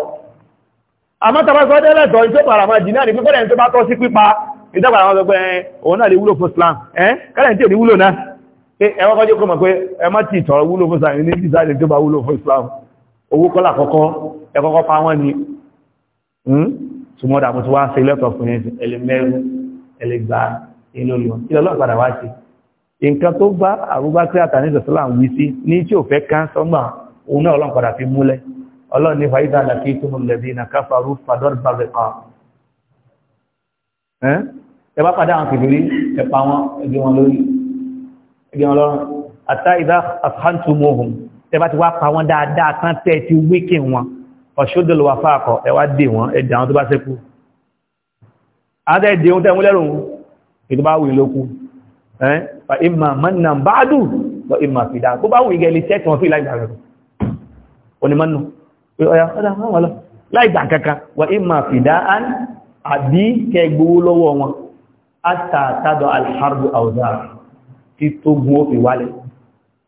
àmọ́ tàbá sọ dé lẹ́tọ̀ọ́ ìjọ padà máa dì náà ní pípẹ́ tó bá tọ́ sí pípa ìjọba àwọn ọgbẹ́ òun náà lè wúlò fún Islam ẹ́ kẹ́lẹ̀ tí ò ní wúlò náà pé ẹwọ́n kọjú kọmọ̀ pé ẹ má ti ìtọ̀rọ̀ wúlò fún Islam ní ìsáàlẹ̀ tó bá wúlò fún Islam owó kọ́lá kọ́kọ́ ẹkọ́kọ́ pa wọ́n ni hmm? súnmọ́ dà mo ti wá ṣe lẹ́tọ̀ọ́ fún yẹn ẹlẹ́mẹ́rú ẹlẹ́gbà ìlọ́lọ́ ilẹ̀ ọlọ́pàá wá sí nǹkan tó bá àbúbákẹ́ àtàní ìsọ̀sọ́là ń wí sí ní tí ò fẹ́ ká sọ́gbà òun náà ọlọ́pàá fi múlẹ̀ ọlọ́ọ̀ni fàyídà àlàkí tó mú lẹ́bí na káfàrú fàdọ́rbàrẹ̀kọ́ ẹ bá padà àwọn kìdìrí ẹ̀pà wọn ẹgbẹ́ wọn lórí ẹgbẹ́ wọn lọ́rùn àtà ìdá àfáǹtùmọ̀hùn tẹ bá ti wá pa wọn dáadáa kan tẹ́ ti wíkì ọ̀ṣọ́dọ̀lù wà fáàkọ̀ ẹwà dè wọ́n ẹ̀dà àwọn tó bá sẹ́kù adẹ́dẹ̀ ohun tẹ́mú lẹ́rùn ìtò bá wùí lókú ìmà mọ́nà bá dùn lọ ìmà fìdá kó bá wùí gẹ̀ẹ́lì tẹ́tì wọn fi láìgbà rẹ̀ onímọ́nà láìgbà kankan wà ìmà fìdá án àbí kẹgbówó lọ́wọ́ wọn átàtàdọ̀ alharbu awzar tí tó gun ó fi wálẹ̀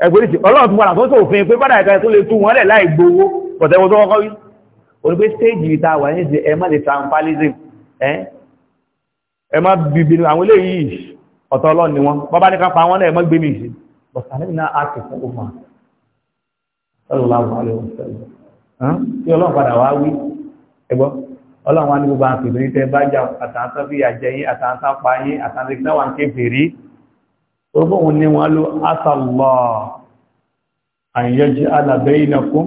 ẹgbẹ̀rẹ̀ ọlọ́run tún wà náà tó sófin pé bádà ẹ̀ka tó le tú wọn lẹ̀ láì gbowó pọ̀tẹ́wọ́ tó kọ́kọ́ wí orípé stage ìta wà ní ẹ má lè triumphalism ẹ má bìbìnú àwọn ilé yìí ọ̀tọ̀ ọlọ́run ni wọ́n bọ́bá ní kápa wọn náà ẹ má gbé mi ìṣe but àlẹ́bí náà á ti fún ọmọ sallallahu alaihi wasallam tí ọlọ́run padà wá wí ẹgbọ́ ọlọ́run wá ní gbogbo àwọn kèfèrí ni wọn lo asàlọ an yaj'ala bainakum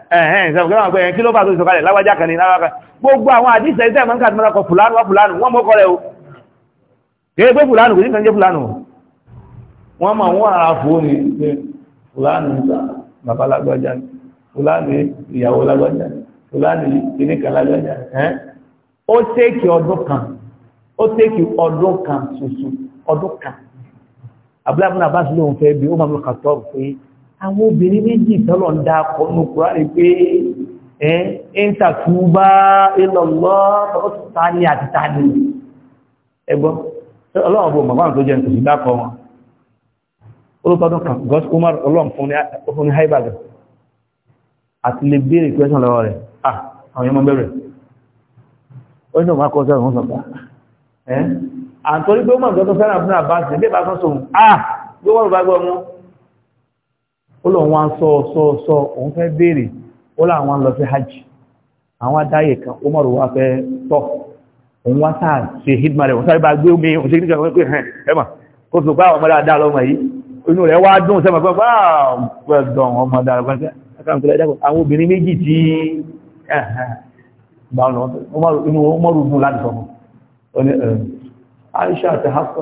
ẹ̀hẹ́n ìsẹ̀mùkẹ́lá wọn pé ẹ̀yìn kí ló bá tó ìsọ̀kalẹ̀ láwájá kan ní láwájá gbogbo àwọn àdíṣẹ́ ìsẹ́ ìmọ̀ nǹkan mọ́ra kọ fùlánù wá fùlánù wọ́n mọ́kọ rẹ̀ o kéré pé fùlánù kò ní kan jẹ́ fùlánù wọ́n mọ̀ wọ́n ara fò ní pé fùlánù bàbá lágbájá fùlánù ìyàwó lágbájá fùlánù kìnnìkan lágbájá ó tẹ́kì ọdún kan ó tẹ́kì ọdún kan ṣoṣo ọdún kan abúlé abúlé abá àwọn obìnrin méjì tọ́lọ̀ ń dá akọ̀ ní kùránì pé ẹ́ ń tàtúbá ìlọ̀lọ́ tọ́kọ̀tà ní àti tàní ẹgbọ́ ọlọ́run bò màmá tó jẹ́ nítorí bá wọn olùkọ́dún kan gọ́s umar ọlọ́run fún ní haibag àti lè béèrè kwẹ́sàn ah àwọn ọmọ bẹ̀rẹ̀ ó ní ọmọ akọ́sọ́ ọ̀hún sọ̀tà ẹ́ àtọ́rí pé ó mọ̀ nǹkan tó fẹ́ràn ah gbé wọ́n rù ó lọ wọn sọ sọ sọ òun fẹ́ béèrè ó láwọn lọ sí hajj àwọn adáyè kan ó mọ̀rọ̀ wá fẹ́ tọ̀ òun wá sáà ṣe hidman rẹ̀ wọ́n sáré bá gbé omi òun ṣe nígbà wọn pé hẹn ẹ̀mà kó tó bá ọmọdé àdá lọ́mọ yìí inú rẹ̀ wá dùn sẹ́mọ̀ pé bá gbẹ̀dọ̀ ọmọdé àdá lọ́mọ àwọn obìnrin méjì tí inú ọmọrù dùn láti sọmọ Aisha àti Hafsa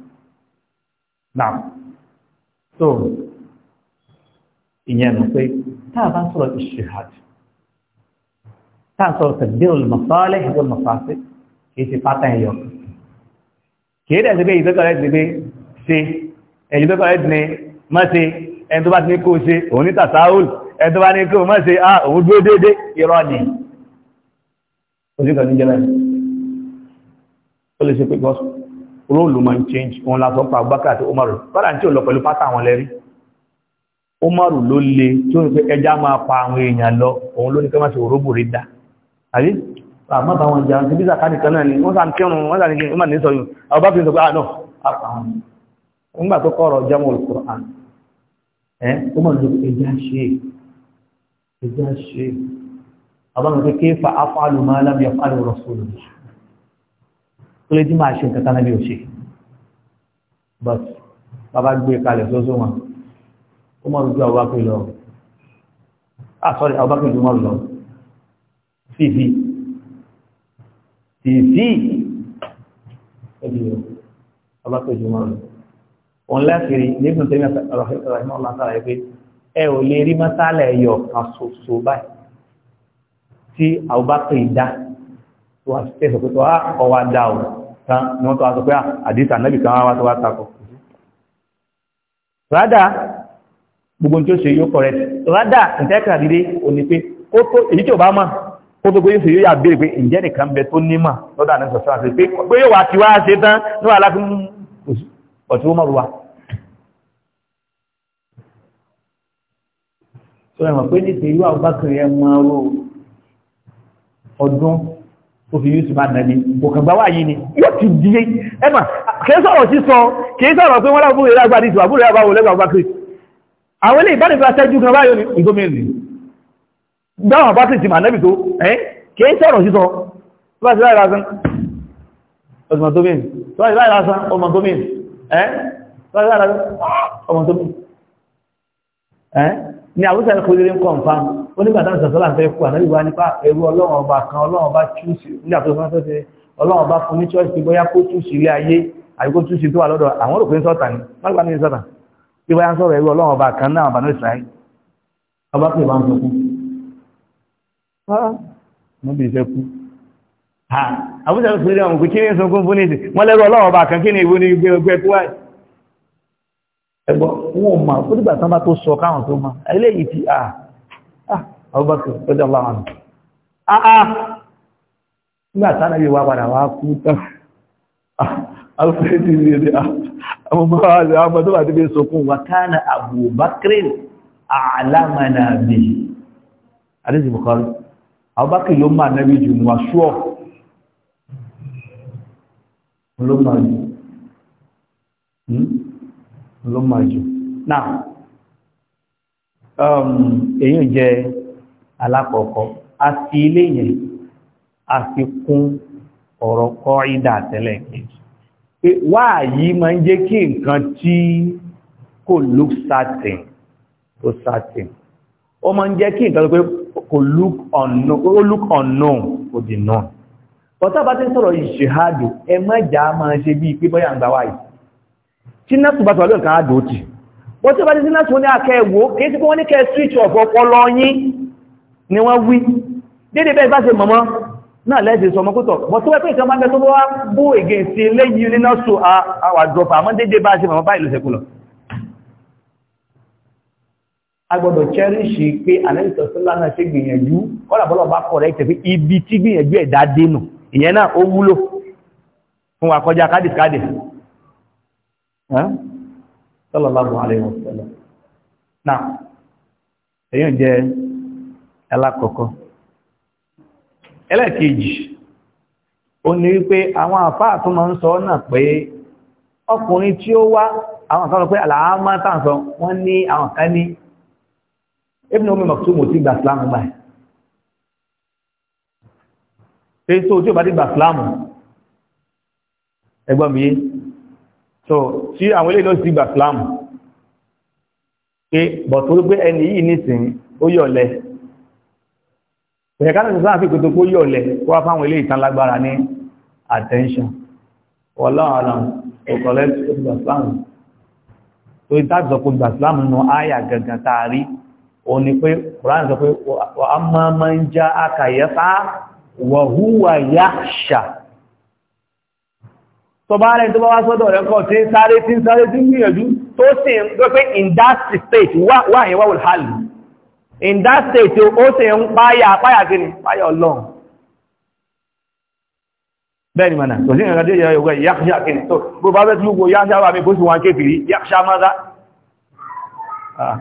náà so ìyẹn nù pé tá a bá ń sọ̀rọ̀ ìṣèhàdì tá a sọ̀rọ̀ tẹ̀gbẹ́rù mọ̀sálẹ̀ ìwọ̀n mọ̀sáfẹ́ kì í ṣe pátá ẹ̀yọ kì í dẹ̀ ṣe pé ìtọ́jọ́ rẹ̀ ti gbé ṣe ẹ̀yìn tó kọ̀rẹ́ ní mọ́sí ẹni tó bá ní kó ṣe òun ní tàṣáhùl ẹni tó bá ní kó mọ́sí à ah, òun dúró dédé irọ́ ni oṣù kan ní jẹ́ mẹ́rin ó lè ṣe pé gọ́sùn róòlù máa ń change wọn lásán pa Abubakar àti Umaru kọ́dà tí ò lọ pẹ̀lú pátá wọn lẹ́rí Umaru ló le tí ó ń pẹ́ ẹja máa pa àwọn èèyàn lọ òun ló ní kẹ́mọ́ sí òróbò rí dá àbí àmọ́ bá wọn jẹun tí bí zakari kan náà ni wọ́n sá ń kírun wọ́n sá ní kí wọ́n ní sọyún àwọn bá fi sọ pé àná àpà wọn nígbà tó kọ́ ọ̀rọ̀ jẹ́mọ̀ olùkọ́rán ẹ́ ó mọ̀ ní ẹja ṣe ẹja ṣe àbámu pé kéfà afáàlù máa lábẹ́ afáàlù rọ̀ sólùmí kó lè tí máa ṣe nǹkan tánàbí òṣè but bàbá gbé kalẹ̀ sóso wọn ó mọ̀ rújú àwọ́bákùn lọ ah sorry àwọ́bákùn ló mọ̀ lọ fífi fífi ẹbí àwọ́bákùn ló mọ̀ lọ òun láṣìírí nígbà tó ní àràhìmọ́ ọ̀la sára yìí pé ẹ ò lè rí mọ́sálẹ̀ ẹ̀yọ̀ kan ṣoṣo báyìí tí àwọ́bákùn dá wọ́n ti sọ pé tó á ọwá dá o tán ni wọ́n tó wá sọ pé ah, àdìsá náà bìkan wá tó wá takọ̀. rádà gbogbo tí ó ṣe yóò correct rádà ìtẹ́kà dídé o ní pé kó tó èyí tí ò bá mọ̀ kó tó gbóyè yóò yà béèrè pé ǹjẹ́ nìkan bẹ tó ní mà ọdún òfin yusuf anani òkàngbà wà yìí ni yóò ti di yé ẹmà kìí sọ̀rọ̀ sí sọ kìí sọ̀rọ̀ pé wọ́n lábúrò ìlà agbára ìtù àbúrò ìlà àbáwò lẹ́gbàá bakri àwọn ilé ìbánifẹ́ atẹ́jú kan báyọ̀ ní ìgbómìnì dáwọn bakri ti mànẹ́bì tó ẹ́ kìí sọ̀rọ̀ sí sọ bá sí láì lásán ọmọdómìnì ẹ́ ní àwùsàn kò onígbàtà ìsọ̀sọ́lá ń fẹ́ kú ànábì wá nípa ẹ̀rú ọlọ́run ọba kan ọlọ́run ọba túùsì nígbà tó sọ́n sọ́sẹ́ ọlọ́run ọba fún ní chọ́ọ̀sì bóyá kó túùsì ilé ayé àbíkó túùsì tó wà lọ́dọ̀ àwọn olùkọ́ ní sọ́tà ni wọ́n gbà ní sọ́tà tí wọ́n sọ̀rọ̀ ẹ̀rú ọlọ́run ọba kan náà àbánú ìsìláyé ọba pè bá ń sọ fún wọ́n bí ìṣẹ́kú àbúṣe ìṣẹ́lẹ̀ ọmọ kí ní sunkún fún ní ìsìn wọ́n lẹ́rọ ọlọ́run ọba kan kí ní ìwé abubakar lọ́jọ́ ọlá wọn àà nígbà tánà yìí wá padà wá kú tán alfẹ́dì ní èdè àmọ́mọ́wàlẹ̀ àmọ́dọ́wà tí bí na wà kánà abubakar àlámànà bí àdíjì bukari abubakar ló máa náà bí jù wà ṣúọ̀ ló máa jù hmm máa jù um èyí nje. alákọ̀ọ́kọ́ a fi ilé yẹn a fi kún ọ̀rọ̀ kọ́ ìdá tẹ́lẹ̀ kejì pé wáà yìí máa ń jẹ́ kí nǹkan tí kò look certain tó certain ó máa ń jẹ́ kí nǹkan tó pé kò look unknown ó look unknown ti sọ̀rọ̀ ìṣèhádò ẹ má máa ṣe bíi pé bọ́yà ń gbà wáyé tí nọ́ọ̀sì bá tọ̀lé tì ti nọ́ọ̀sì wọn ní akẹ́wò ni wọ́n wí dédé bẹ́ẹ̀ bá ṣe mọ̀mọ́ náà lẹ́ẹ̀ṣẹ̀ sọ ọmọ pútọ̀ bọ̀ tó wẹ́ pé ìkan máa bẹ tó bọ́ wá bó ègè sí léyìí nínú sọ àwà drop àmọ́ dédé bá ṣe mọ̀mọ́ báyìí ló ṣekú lọ a gbọ́dọ̀ chẹ́rìṣì pé àlẹ́sọ̀ sílá náà wa kọjá kádìkádì sallallahu alaihi wasallam náà èyí ń jẹ́ alákọ̀ọ́kọ́ ẹlẹ́kejì ó ní wípé àwọn àfáà tó máa ń sọ náà pé ọkùnrin tí ó wá àwọn kan lọ pé àlàámá tàǹsọ wọ́n ní àwọn kan ní Ibn Umm Maktum tí gbà sílámù gbà ṣe tó tí ó bá ti gbà sílámù ẹgbọ́n mi so tí àwọn eléyìí ló ti gbà sílámù pé bọ̀tún pé ẹni yìí nísìnyí ó yọ̀lẹ̀ ẹ̀yẹ̀ká lẹ́sẹ̀ sáà fi kò tó kó yọ̀ lẹ̀ wá fáwọn ilé ìtàn ní attention wọ́láàlá ọ̀kọ̀lẹ́ ìgbà Ìsìlámù tó ìtàjọ kó gbà Ìsìlámù nù áyà gẹ̀gẹ̀ tààrí o ní pé Kùránì sọ pé wà á máa máa ń já akàyẹ́fà wàhúwà yáṣà tó bá rẹ̀ tó bá wá sọ́dọ̀ rẹ̀ kọ́ tí sáré tí in that state wà yẹn wà in that state ó sì ń páyà páyà kí ni páyà ọlọ́run bẹ́ẹ̀ni mana kò sí ìrìnàjò ìyá yóò yáṣá kí ni tó bó bá bẹ́ tí ó gbò yáṣá wà mí bó sì wọn kéfìrí yáṣá mọ́dá ah.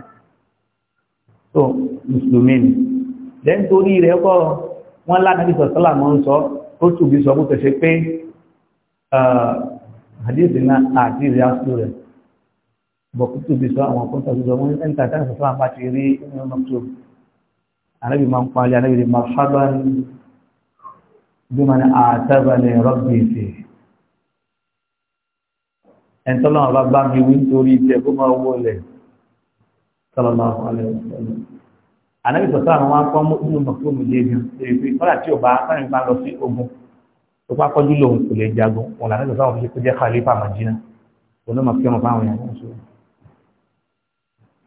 so musulmi ni lẹ́n torí rẹ̀ kọ́ wọ́n lánàbí sọ̀sọ́là mọ́ ń sọ tó tùbí sọ bó tẹ̀ṣe pé àdíṣẹ́ ah, náà àti ìrìnàjò rẹ̀ bọ̀kútù tu sọ àwọn ọkùnrin tàbí ọmọ ẹni tàbí àwọn ìfọ́nà bá ti rí inú mọ́tò anábì máa ń palẹ̀ anábì lè máa sábà ń Entahlah máa ní àtẹ́bàlẹ̀ rọ́bì ìfẹ́ ẹni tó lọ́wọ́ bá bá mi wí nítorí ìfẹ́ kó máa wọlé sọlọ máa wọ alẹ́ ìfẹ́lẹ́ anábì sọ̀tọ́ àwọn wọn kọ́ inú mọ́tò mi lé ní èyí pé kọ́lá tí ò bá sáré máa lọ sí ogun tó bá kọjú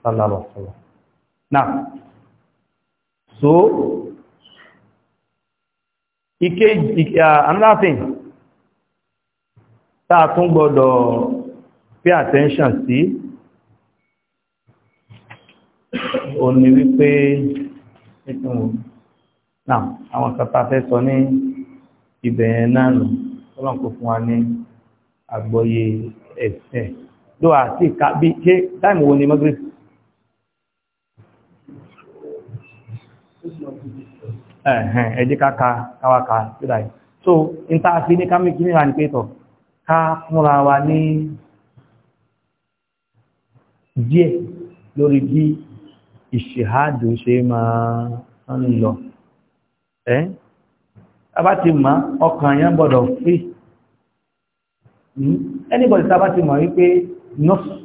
sallallahu alaihi wasallam now so ìkejì another thing táà tún gbọdọ̀ pay attention sí ó ní wípé náà àwọn kàtà fẹ́ sọ ní ìbẹ̀yẹn náà nù ọlọ́n kò fún wa ní àgbọ́yé ẹ̀sẹ̀ ló àti ká bí ṣe Time wo ni Maghrib ẹ̀jẹ́ káka káwàká síra ẹ̀ so n ta fi ní kámi kí ní ìlànà pé tọ̀ ká fúnra wa ní díẹ̀ lórí bí ìṣèhádù ṣe máa ń lọ ẹ́ tábà ti mọ̀ ọkàn yẹn gbọ́dọ̀ free hmm? anybody tábà ti mọ̀ wípé nọ́ọ̀sì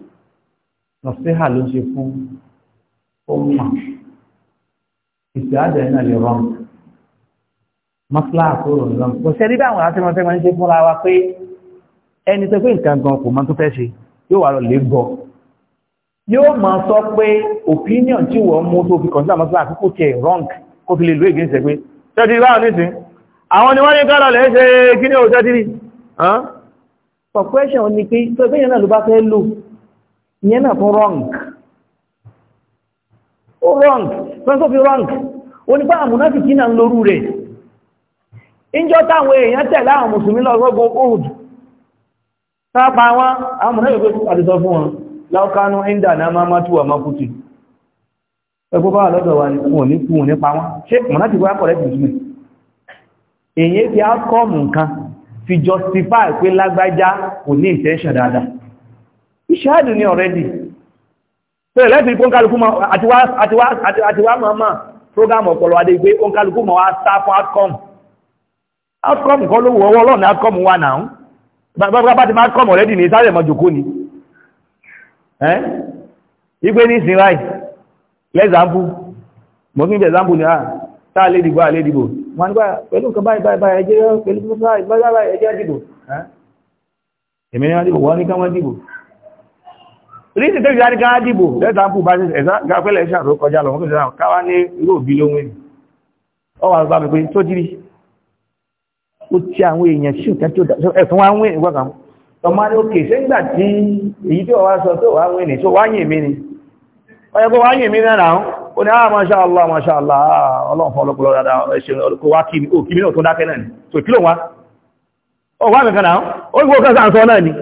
ló ṣe fún ó ìsìláàdà náà lè rọrùn mọ́sílá àkóró ní rọrùn kò sẹ́rí báwọn àti wọn fẹ́ẹ́ ṣe fúnra wa pé ẹni tó pé nǹkan gan kò mọ tó fẹ́ ṣe yóò wà lọ gbọ́ yóò máa sọ pé opinion tí wọ́n mú tó fi kọ̀ǹtà mọ́sílá àkókò tiẹ̀ wrong kó fi lè lo ègé ṣe pé ṣẹ́tì báwọn nísìn àwọn ni wọ́n ní kọ́lọ̀ lè ṣe kí ní òṣẹ́ tí ní for question ni pé tó ẹgbẹ́ yẹn náà ló bá fẹ́ lò ìyẹn náà fún wrong ó wrong fẹ́ńtò fi wrong onípa àmúnáfìkì náà lórú rẹ̀ ìjọ táwọn èèyàn tẹ̀lé àwọn mùsùlùmí lọ́gbọ́gbọ́ old sápa wọn àwọn mùsùlùmí àti sọ fún wọn láọ́kánú na náà máa máa túwà máa kútù ẹgbọ́ bá lọ́dọ̀ wa ní kún nípa fi á kọ́mù fi justify pe lagbaja kò ní intention so lẹ́sìn pé òǹkálukú àtiwá mọ̀ọ́mọ̀ program ọ̀pọ̀lọ adé pé òǹkálukú mọ̀ wá sá fún outcome outcome kan ló wọ́wọ́ ọlọ́ọ̀ni outcome wà náà bàbá bá ti máa outcome already ní sáré mọ̀ jòkó ni ìgbé ní ìsìn ráì lẹ́zàmpù mọ̀ kí n jẹ́ example ni ah, a táà lè dìbò àlè dìbò wọ́n gbá ah, pẹ̀lú nǹkan báyìí báyìí ẹjẹ́ pẹ̀lú ẹjẹ́ dìbò èmi ni wọ́n dìbò wọ́n ní ká wọ́n dìbò ríṣì tó yàrí gáà dìbò lẹ́tàpù bá gbẹ́lẹ̀ ṣe àrò kọjá lọ mọ́kànlá káwà ní irú òbí lóhun ènì ọwà bá mi pé tó jírí ó ti àwọn èèyàn sí òkè tó ẹ̀fún wá ń wé ìwọ́n kan ọmọ ní òkè ṣe ń gbà tí èyí tí ni wọ́n yẹ kó àwọn masha Allah masha Allah ọlọ́run fún ọlọ́pọ̀lọ́ dáadáa ẹ̀ṣẹ̀ kó wá kí mi ó kí mi náà tó dákẹ́ náà ni tó kí wá ó wá mi ó gbọ́ kan sáà sọ náà ni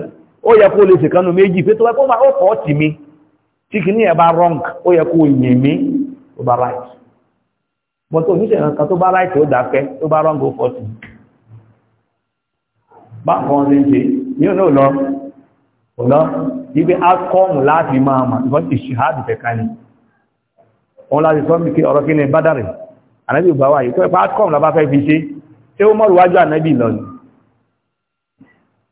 ó yẹ kó lè ṣèkánu méjì pé tó wẹ́ kó máa ó kọ́ tì mí tí kì ní ẹ̀ bá wrong ó yẹ kó yìn mí ó bá right but tó oníṣẹ́ ìrànkan tó bá right ó dákẹ́ tó bá wrong ó kọ́ tì mí bákan ṣe ń ṣe yóò náà lọ ọ̀lọ́ ibi akọ́mù láti máa mà ìfọ́n ti ṣìhádì fẹ̀ka ni wọ́n láti sọ mí kí ọ̀rọ̀ kí ni bádàrẹ̀ ànábì ìgbà wáyé tó ẹ̀pá akọ́mù lábá fẹ́ fi ṣe ṣé ó mọ́rùwájú ànábì lọ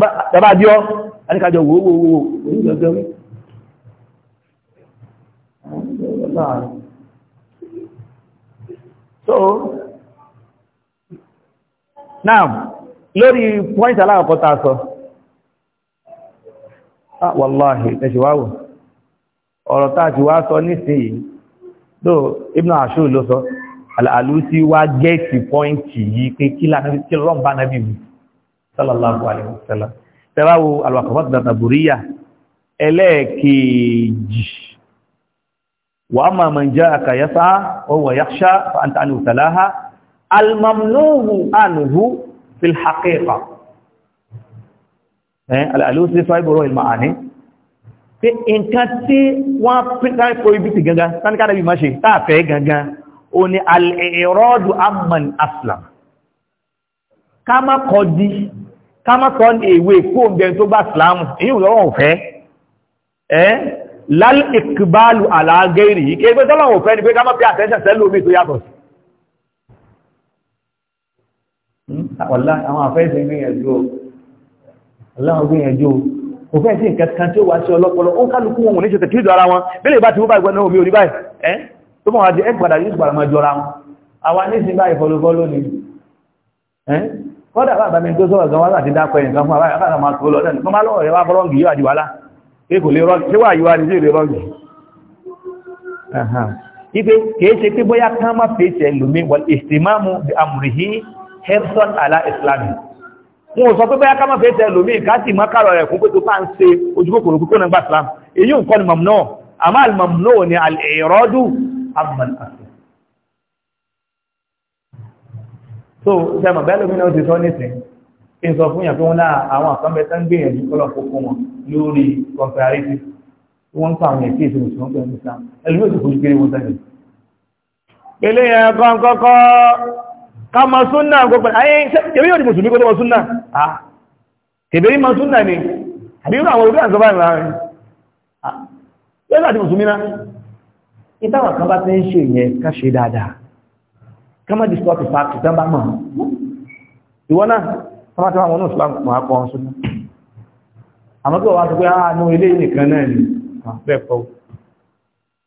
bàbá àbíọ́ àníkàjọ wò wò wò onígbẹ̀gbẹ̀ so now lórí point aláàkọta sọ ah wallahi ẹ̀ṣìwáwò ọ̀rọ̀ tàà ti wá sọ nísìnyí tó Ibn Ashur ló sọ Al-Alusi wá gẹ́ẹ̀tì pọ́ìntì yìí pé kí lọ́nà bí sallallahu alaihi wasallam tẹ́láwó alwakọ̀fà tàbùríyà ẹlẹ́ẹ̀kejì wà máa mọ̀ jẹ́ àkàyẹ́sá ọwọ̀ yáṣá fa'anta anhu salaha almamnuhu anhu fil haqiqa eh al'alusi saiboro ilma'ani pé nǹkan tí wọ́n pínlẹ̀ prohibiti gangan sáníkádàbí máṣe táàfẹ́ gangan o ni al'irọ́dù amman ká má kọ́ di ká má sọ ní èwe kóòmbẹ tó bá sìláàmù èyí lọ́wọ́ òfẹ́ ẹ́ lálẹ́kìbálù àlàágẹ́rì yìí kéèké tọ́lọ́wọ́ òfẹ́ ni pé ká má fi àtẹ́sẹ̀ sẹ́lú omi tó yàtọ̀ sí hmm? àwọn àfẹ́sẹ̀ gbìyànjú aláwọn gbìyànjú òfẹ́ sí nǹkan kan tí ó wá sí ọlọ́pọlọ ó kálukú wọn ní ṣe tẹ̀kìlì ara wọn bẹ́lẹ̀ bá ti wó báyìí náà omi orí báyìí ẹ́ tó mọ̀ wá di ẹgbàdà yìí gbàdàmọ́jọ́ra wọn àwa ní ìsìn báyìí fọlọ́fọ́ lónìí kọ́dà bá àbámi tó sọ́rọ̀ gan wá láti dákọ̀ ẹ̀yìn kan fún àbáyà káàkiri máa tó lọ́dẹ̀ nìkan máa lọ́wọ́ ẹwà bọ́lọ́ǹgì yóò àdìwálá kò lè rọ́gì tí wà yíwá ní sí ìlè rọ́gì ipe kìí ṣe pé bóyá kán má fi ṣe lómi wọl ìsìmáàmù bí amùrìhí hepson ala islami wọn ò sọ pé bóyá kán má fi ṣe lómi ká sì rẹ̀ kún pé tó bá ń ṣe ojúkòkòrò kúkó náà gbà islam èyí nǹkan ni mamnu àmà al mamnu ni al àmàlà so sẹ́mọ̀ bẹ́ẹ̀ lómi náà ti sọ nísìn kí n sọ fún yàn pé wọ́n náà àwọn àkànbẹ tán gbìyànjú kọ́lọ̀ kókó wọn lórí kọ̀ǹpẹ̀rẹ́tì tí wọ́n ń pa àwọn èké ìṣòro tí wọ́n pẹ̀lú ìṣá ẹlòmíì ti fojú kéré wọn sẹ́yìn. ilé yẹn kan kọ́kọ́ ká mọ súnà gbogbo ayé ṣẹ́bi yóò di mùsùlùmí kó tó mọ súnà à kèbèrè mọ súnà ni àbí irú àwọn olùdíjà sọ́bà ìmọ̀ rẹ̀ yóò láti mùsùlùmí bá ti ń ṣe ìyẹn ká ṣe dáadáa kama discuss the fact tán bá mọ̀ ìwọ náà tán bá tán àwọn oníṣẹ́ mọ̀ akọ ọ̀hún súnmọ́ àmọ́ kí wọ́n ah no ilé nìkan náà ni bẹ́ẹ̀kọ́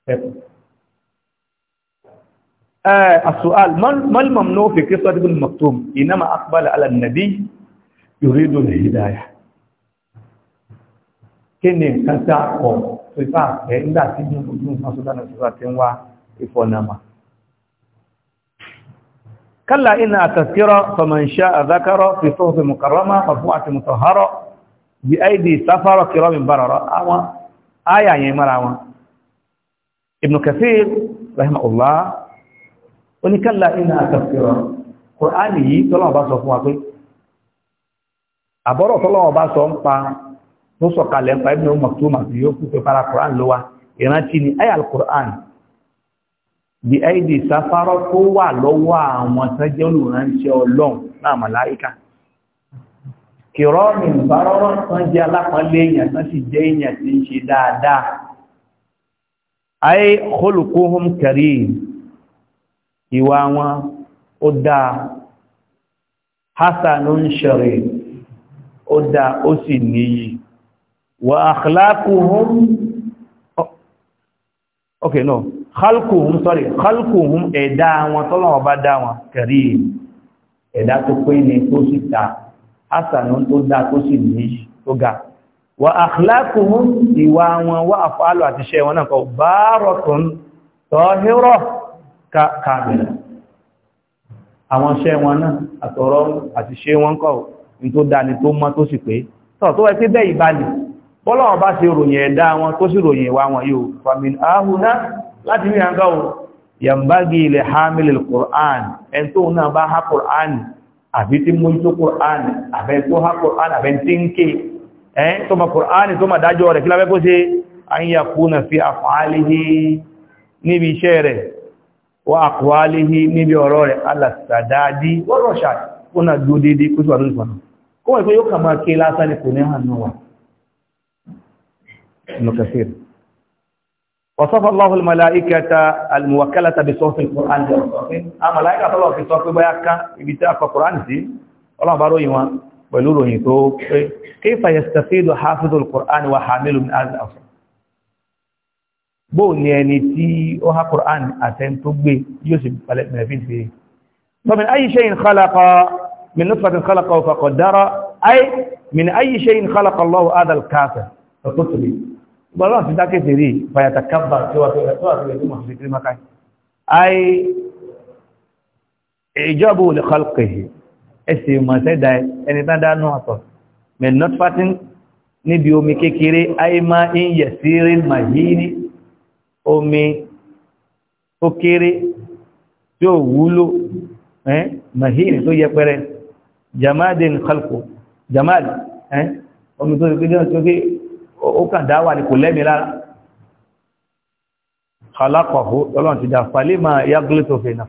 bẹ́ẹ̀kọ́ السؤال ما الممنوع في قصة ابن مكتوم إنما أقبل على النبي يريد الهداية kí ni nǹkan tí a kọ̀ tó ipá àfẹ́ nígbà tí ìjọba ìjọba ìfọ́nàmà كلا إنها تذكرة فمن شاء ذكر في صحف مكرمة مرفوعة مطهرة بأيدي سفر كرام بررة أو آية يمر أو ابن كثير رحمه الله وني كلا إنها تذكرة قرآني تلوه باسو فواقي àbọ́rọ̀ tọ́lọ́wọ́ bá sọ ń pa ló sọ̀kalẹ̀ ń pa ibn Maktum àti yóò kú pé para Qur'an ló wá ìrántí ni ayal Qur'an bí ẹ́ìdì sáfárọ́ tó wà lọ́wọ́ àwọn tẹ́jẹ́ olùránṣẹ́ ọlọ́run náà màláíkà kìrọ́ ní ìbárọ́rọ́ tán jẹ́ alápọ̀lẹ́ èèyàn tán sì jẹ́ èèyàn tí ń ṣe dáadáa ayé khuluquhum karim ìwà wọn ó dáa hasanun sharif ó dáa ó sì níyì wa akhlaquhum okay no khalquhum sorry khalquhum ẹ̀dá wọn tọ́lọ́wọ́ bá dá wọn kẹrí ẹ̀dá tó pé ní tó sì ta asànà tó dá tó sì ní tó ga wa akhlaquhum ìwà wọn wá àfáàlù àti iṣẹ́ wọn náà barakun tahira kàbẹ̀rẹ̀ àwọn iṣẹ́ wọn náà àtọ̀rọ̀ àti iṣẹ́ wọn kọ̀ ní tó dá ní tó mọ́ tó sì pé tọ́ tó wẹ́ pé bẹ́ẹ̀ ìbálẹ̀ bọ́lọ́wọ́n bá ṣe ròyìn ẹ̀dá wọn tó sì ròyìn ìwà wọn yóò famin ahuna láti ní àǹkà ò yàmbági ilẹ̀ hamilil Qur'an ẹn tó náà bá ha Qur'an àbí tí mú tó Qur'an àbẹ́ tó ha Qur'an àbẹ́ tí ń ké ẹn tó ma Qur'an tó ma dájọ́ rẹ̀ kí lábẹ́ kó ṣe an yà kúnà fi àfààlìhì níbi iṣẹ́ rẹ̀ wà àkùwálìhì níbi ọ̀rọ̀ rẹ̀ alàsàdáadí wọ́n rọ̀ṣà kúnà dúó dédé kó Ibn Kathir وصف الله الملائكة الموكلة بصوت القرآن الملائكة الله في صوت بياكا بتاعك القرآن سي الله باروي ما بلولو يتو كيف يستفيد حافظ القرآن وحامل من هذا الأصل bó ní ẹni tí ó ha Qur'an àtẹn tó gbé فمن أي شيء خلق من نطفة خلقه فقدر أي من أي شيء خلق الله هذا الكافر فقطري bọ́lá ti dákẹ́ sí rí fàyàtà kábà tí wà fẹ́rẹ̀ tó mọ̀ sí kiri maka ai ìjọba olè kọlùkì ẹsẹ̀ mọ̀sẹ́dà ẹni dádánú àtọ̀ mẹ́lọ́tífàtín níbi omi kékeré ai ma ń yẹ̀ sí rí màhíní omi ó kéré tí ó wúlò màhíní tó yẹ pẹ́rẹ́ jamadin kọlùkù omi tó yẹ ó kàn dá wà ní kò lẹ́mi lára khalaqahu ọlọ́run ti dá falẹ́ máa yágúlẹ̀ tó fẹ́ náà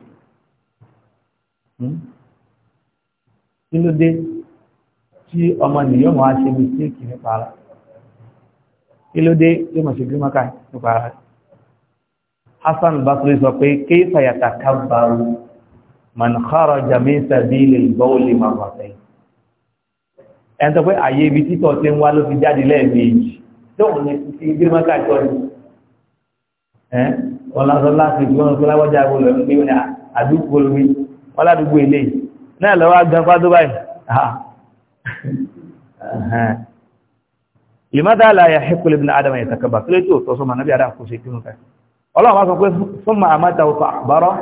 hmm? kí ló dé tí ọmọ nìyọ́ mọ̀ á ṣe mi sí kì nípa ara kí ló dé tí mọ̀ ṣe bí mọ́ká nípa Hassan Basri sọ pé kayfa yatakabbaru man kharaja min sabilil bawli marratayn ẹni tó pé àyè ibi títọ́ ti ń wá ló fi jáde lẹ́ẹ̀mejì lóhùn ní ti girma káàkiri ọ̀nì ẹ ọlọ́sọ láti ju ọ̀nà fúnra wọ́jà wọlé ní ní àdúgbò lórí ọládùúgbò ilé náà lọ́wọ́ gan fádó báyìí ah. limada la ya hekul ibn adam ya takaba kile tí ó tọ́ sọmọ nabi adam kò ṣe kí nǹkan ọlọ́wọ́ sọ pé súnmọ́ àmáta ọ̀fà àbárọ̀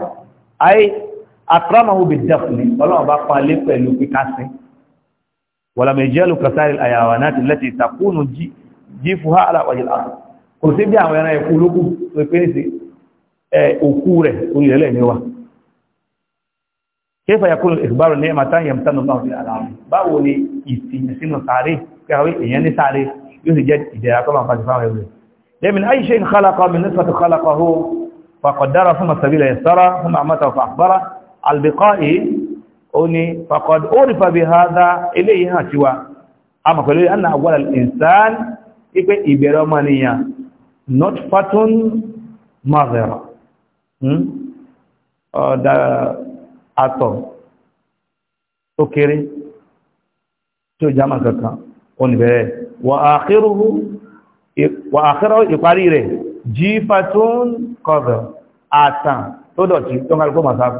ayé akramahu bi dafni ọlọ́wọ́ bá pa lé pẹ̀lú kíkásí wàlàmẹ̀jẹ́lù kasari ayawanati lati takunu ji jífuhá aláwàjìlá kò sí bí àwọn ẹran ẹ̀kú olókù tó pé ní sí òkú rẹ̀ orí ẹ̀lẹ́ ní wa kéfà yakú ìgbàrò ní ẹmàtá yẹm tánà náà ní ara báwo ni ìsìnyẹ̀ sínú sáré kẹwàá èèyàn ní sáré yóò sì jẹ́ ìdẹ̀ra tó máa fàṣifá rẹ̀ rẹ̀ lẹ́mìn ayé ṣe ń kálákọ mi ní sọ́tù kálákọ hó fàkọ̀dára fún masabilẹ̀ sára fún mamata fún àgbára albikọ́ yìí ó ní fàkọ̀d ó rí fàbí ha ipé ìbẹ̀rẹ̀ ọmọnìyàn not fatun mother, hmm? ọ̀dá àtọ̀ tó kéré tí ó jámà kankan oníbẹ̀rẹ̀ wà àkírọ̀ ìparí rẹ̀ jí fatun kọ̀dọ̀ àtàn tó dọ̀tí tó ń kàrí kó màsáfù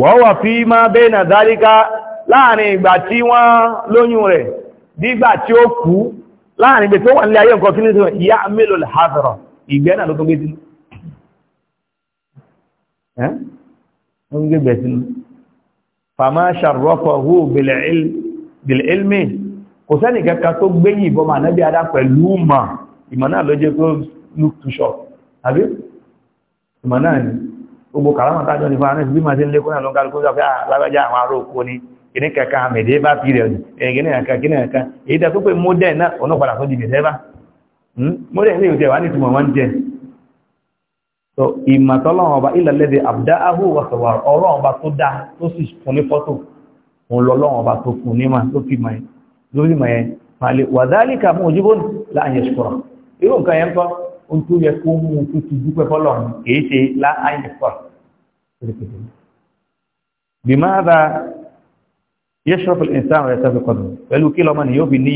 wọ́n wà fi máa bẹ́ẹ̀ nà dáríká láàrin ìgbà tí wọ́n lóyún rẹ̀ dígbà tí ó kú láàrin ibi tó wà nílé ayé nǹkan kí ní sọ ìyá mélòó lè hàbẹ̀rọ̀ ìgbẹ́ náà ló tó gbé sínú ẹ́ ó ń gbé bẹ̀ sínú fàmá ṣàrọ́fọ̀ hù bìlẹ̀ ilmi kò sẹ́nì kẹta tó gbé yìnbọn mà náà bí adá pẹ̀lú mà ìmọ̀ náà ló jẹ́ tó look too àbí ìmọ̀ náà ni gbogbo kàrámà tájọ́ ní kìnnì kankan àmẹ̀dẹ́bà period ẹ̀gìnì kankan kìnnì kankan èyí tó pé model náà ọ̀nà padà tó di dẹ̀dẹ́bà model ní ìwòtẹ́ wà ní ìtumọ̀ wọn jẹ́ so ìmọ̀tọ́lọ́wọ́n ọba ìlàlẹ́dẹ̀ àbdá ahù wàsọ̀wà ọ̀rọ̀ ọba tó dá tó sì fún ní fọ́tò òun lọ́lọ́wọ́n ọba tó fún ní mà tó fi mà yẹn lórí mà yẹn màlẹ̀ wàdálìkà mú ojú bóni láàyè ṣùkọ̀rọ̀ irú nǹkan yẹn ń يشرف الإنسان ويرتفع قدره pẹ̀lú kí lọ́mọ ni yóò fi ní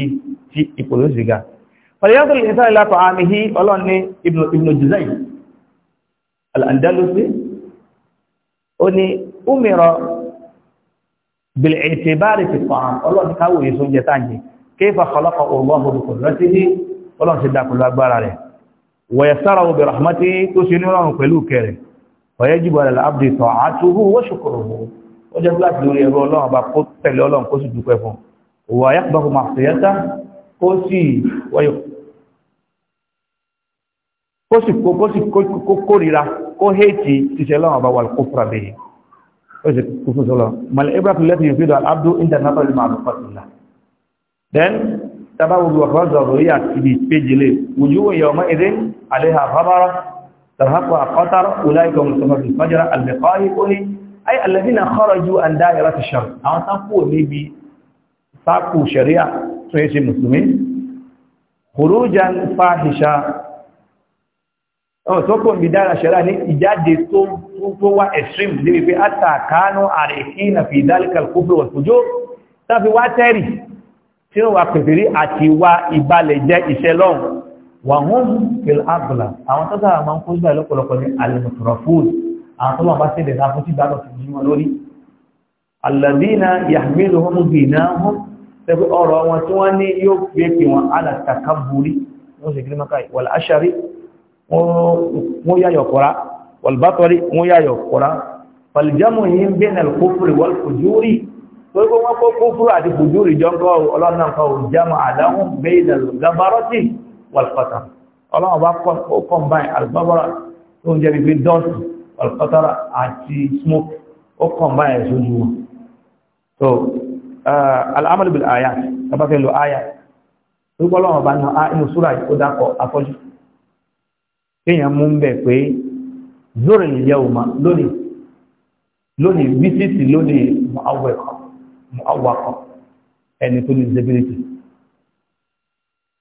tí ipò yóò sì ga fàyẹ́sọ̀ ìsá ìlàtọ̀ àmì hí ọlọ́run ní ibnu jizai al-andalusi ó ní umira bil-i'tibari fi ta'am ọlọ́run káwò èso jẹ táǹjẹ kayfa khalaqa Allahu bi qudratihi ọlọ́run ti dá pẹ̀lú agbára rẹ̀ wa yassarahu bi rahmatihi tó ṣe ní ọlọ́run pẹ̀lú kẹrẹ̀ fa yajibu 'ala al-'abdi ta'atuhu wa shukruhu ó jẹ́ gíláàsì lórí ẹ̀rọ ọlọ́run ọba kó tẹ̀lé ọlọ́run kó sì dúpẹ́ fún òwò àyàkùbákù máa fẹ̀yẹ́ta kó sì wọ́yọ̀ kó sì kó kó sì kó kórira kó héètì ṣiṣẹ́ ọlọ́run ọba wà kó fura bẹ́ẹ̀ ó kó fún sọlọ mọ̀lẹ́ ibrahim lẹ́tì yóò fi abdul international lima àlùfà then taba wo wa fa zaro ya tibi pejele wujuhu yawma idhin qatar ulaika mustafa fil al-liqa'i ay alladhina kharaju an da'irati shar àwọn tán kúrò níbi sáàkù sharia tó yẹ ṣe mùsùlùmí khurujan fahisha ọ̀rọ̀ tó kò ń bí dára ṣẹ̀rá ní ìjáde tó wá extreme níbi pé àtàkánú àrẹ̀kí na fi ìdáríkà kúfẹ́ wọ̀sùjó tàbí wá tẹ́rì tí ó wà pẹ̀fẹ̀rí àti wá ìbalẹ̀ jẹ́ iṣẹ́ lọ́n wà hún fil abla àwọn tọ́tà àwọn kó àtọ́lọ̀ bá ṣe dẹ̀dá fún tí bá lọ sí jímọ̀ lórí alàdínà yàmílò wọn gbìnà hàn tẹ́gbẹ́ ọ̀rọ̀ wọn tí wọ́n ní yóò gbé pè wọn alàtàkàbúrí wọ́n sì gírímọ́ká wal ashari wọ́n yáyọ̀ kọ́ra wal batri wọ́n yáyọ̀ kọ́ra fàlìjámù yìí ń bẹ́ẹ̀ nàlù kófúrì wal fujuri alfatara àti smoke ó combine ẹ̀ sójú wọn so uh, al'amalu bil aya tàbá fẹ́ lo aya orúkọ lọ́wọ́ bá náà inú súra ó dákọ̀ afọ́jú kéèyàn mú ń bẹ̀ pé zoro lè yẹ lónìí lónìí bísítì lónìí mu ẹni tó ní disability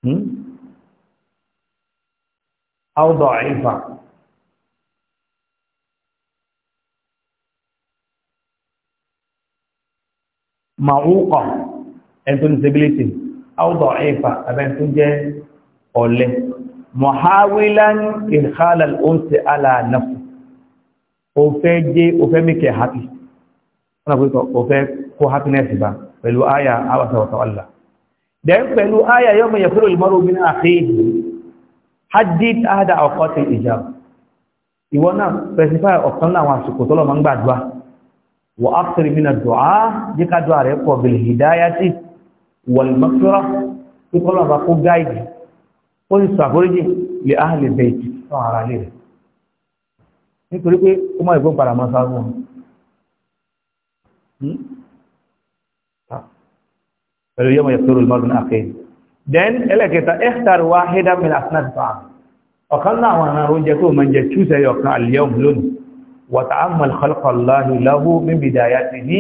hmm? awdọ̀ ìfà màúkọ̀ ẹni tó ní disability áwùdọ̀ ẹ̀fà abẹ́ni tó jẹ́ ọ̀lẹ mọ̀háwílán ìhálà oúnjẹ aláàlẹ́fù ó fẹ́ jẹ́ ó fẹ́ mẹ́kẹ̀ happy wọ́n náà pẹ́ ó fẹ́ kó happiness bá pẹ̀lú àyà awàsàwàsàwàlà then pẹ̀lú àyà yọ́mọ yẹ̀kúrò ìmọ̀rò omi náà àkéèdè hadid ahada ọkọ̀ ti ìjà ìwọ náà pẹ̀sífà ọ̀kan láwọn àsìkò tọ́lọ̀ máa ń gbàdúrà وأكثر من الدعاء جيكا دعاء يقوى بالهداية والمغفرة يقول الله بقو قايد قل سافرجي لأهل البيت صار عليه nítorí pé ó máa ìbọn padà máa sáré wọn pẹ̀lú yẹ́mọ̀ yẹ̀tọ́rọ̀ lọ́dún àkẹ́yìn then ẹlẹ́kẹta ẹ́kẹtàrí wá hẹ́dàmìlà snapchat ọ̀kan náà àwọn ará oúnjẹ tó mọ́ jẹ́ chúsẹ̀ yọ̀kan àlẹ́ọ̀mù lónìí wàtàmàl khalqallahi lahu min bidayatihi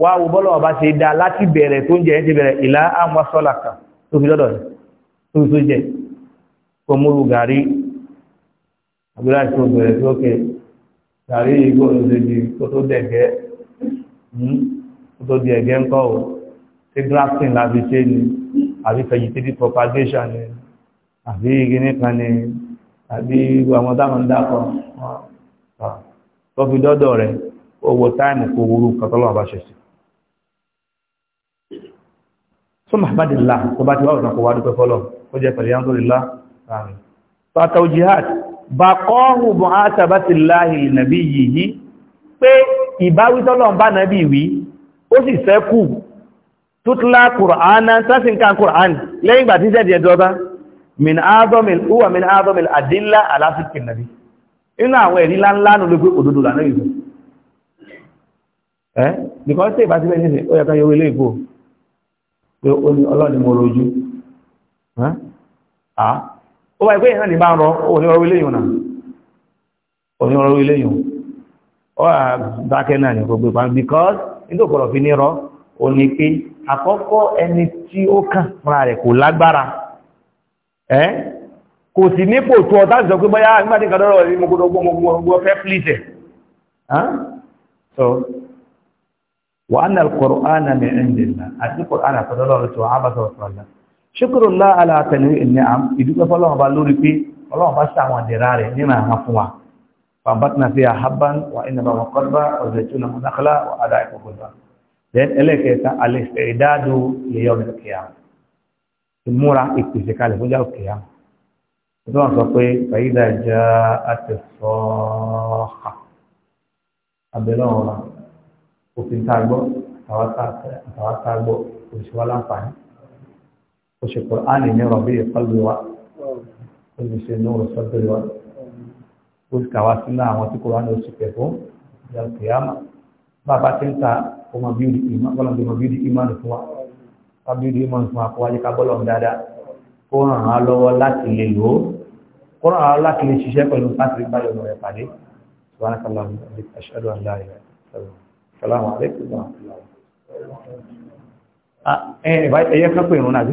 wá wùbọ́lọ̀ ọba ṣe dá láti bẹ̀rẹ̀ tó ń jẹ́ ti bẹ̀rẹ̀ ìlà àwọn sọ́làkà tó fi lọ́dọ̀ rẹ̀ tó tó jẹ́ kó múrù gàrí àbúrà tó bẹ̀rẹ̀ tó kẹ gàrí ìgò òṣèlú tó tó dẹ̀gẹ́ tó hmm? tó di ẹ̀gẹ́ ńkọ́ o ṣé grafting láti ṣe ni àbí vegetative propagation ni àbí igi nìkan ni àbí gbogbo àwọn táwọn ń dà tó fi dọ́dọ̀ rẹ̀ owó táìmù kò wúrú kọtọ́lọ́ àbáṣẹ sí sọ́mà àbádìlá tó bá ti wá ọ̀nà kò wá dúpẹ́ fọ́lọ̀ ó jẹ́ pẹ̀lú yánzọ́lélá ààrùn fata ojihad bá kọ́ọ̀hù bọ̀ min áàdọ́mìl adilla aláfíkì nàbí inú àwọn ẹ̀rí ńláńlá ló gbé òdodo lànà ìlú ẹ́ nìkan tí ìbá nísìn ó yẹ ká yọwé ilé ìgbò pé ó ní mo rojú ó wáyé pé ìrìnà ní bá ń rọ ó ọrọ̀ ilé ìyùn náà ó ọrọ̀ ilé ìyùn ó wà dákẹ́ náà ní gbogbo ìpamọ́ because fi ní rọ ó pé àkọ́kọ́ ẹni tí ó kàn fúnra rẹ̀ kò kò sì nípò tó ọ̀tá ìsọ pé bọ́yá nígbàtí nǹkan lọ́rọ̀ ní gbogbo gbogbo fẹ́ plìtẹ̀ so wa anna al-qur'ana min indillah àti qur'ana tó lọ́rọ̀ tó àbáṣọ ọ̀pọ̀lá shukrullah ala tanwi'in ni'am ìdúpẹ́ fọ́lọ́wọ́ bá lórí pé ọlọ́wọ́ bá sàwọn dẹ̀ra rẹ̀ nínú àwọn fún wa fàbátna fiha habban wa ada'i kukuba then ẹlẹ́kẹta al-istidadu li yawm al-qiyamah ìmúra ìpèsè kalẹ̀ fún yawm al tó wọ́n sọ pé fàyídà já àtẹ̀sọ́ọ̀ha abẹ́lọ́wọ́n ra òfin tá a gbọ́ àtàwọn tá a gbọ́ òṣìwá láǹfààní oṣù kùránì ní rọ̀bí ìpàlùwẹ̀ wa olùṣe ní òṣèlú wa ó sì kàwá sínú àwọn tí kùránì oṣù kẹfọ́ ìyá kìyàmà bàbá tí ń ta ọmọ di ìmá bọ́lá ọmọ bíúdì ìmá nù fún wa bá bíúdì ìmá nù fún wa kó wáyé ká bọ́lá dáadáa kó ràn án lọ́wọ́ láti lè lò ó kọ́rọ̀ alákìlẹ̀ ṣiṣẹ́ pẹ̀lú láti báyọ̀ lọ rẹ̀ pàdé subhanakallahu ashhadu an la ilaha illa salamu alaykum wa rahmatullahi ẹ̀yẹ kan pè ìrún náà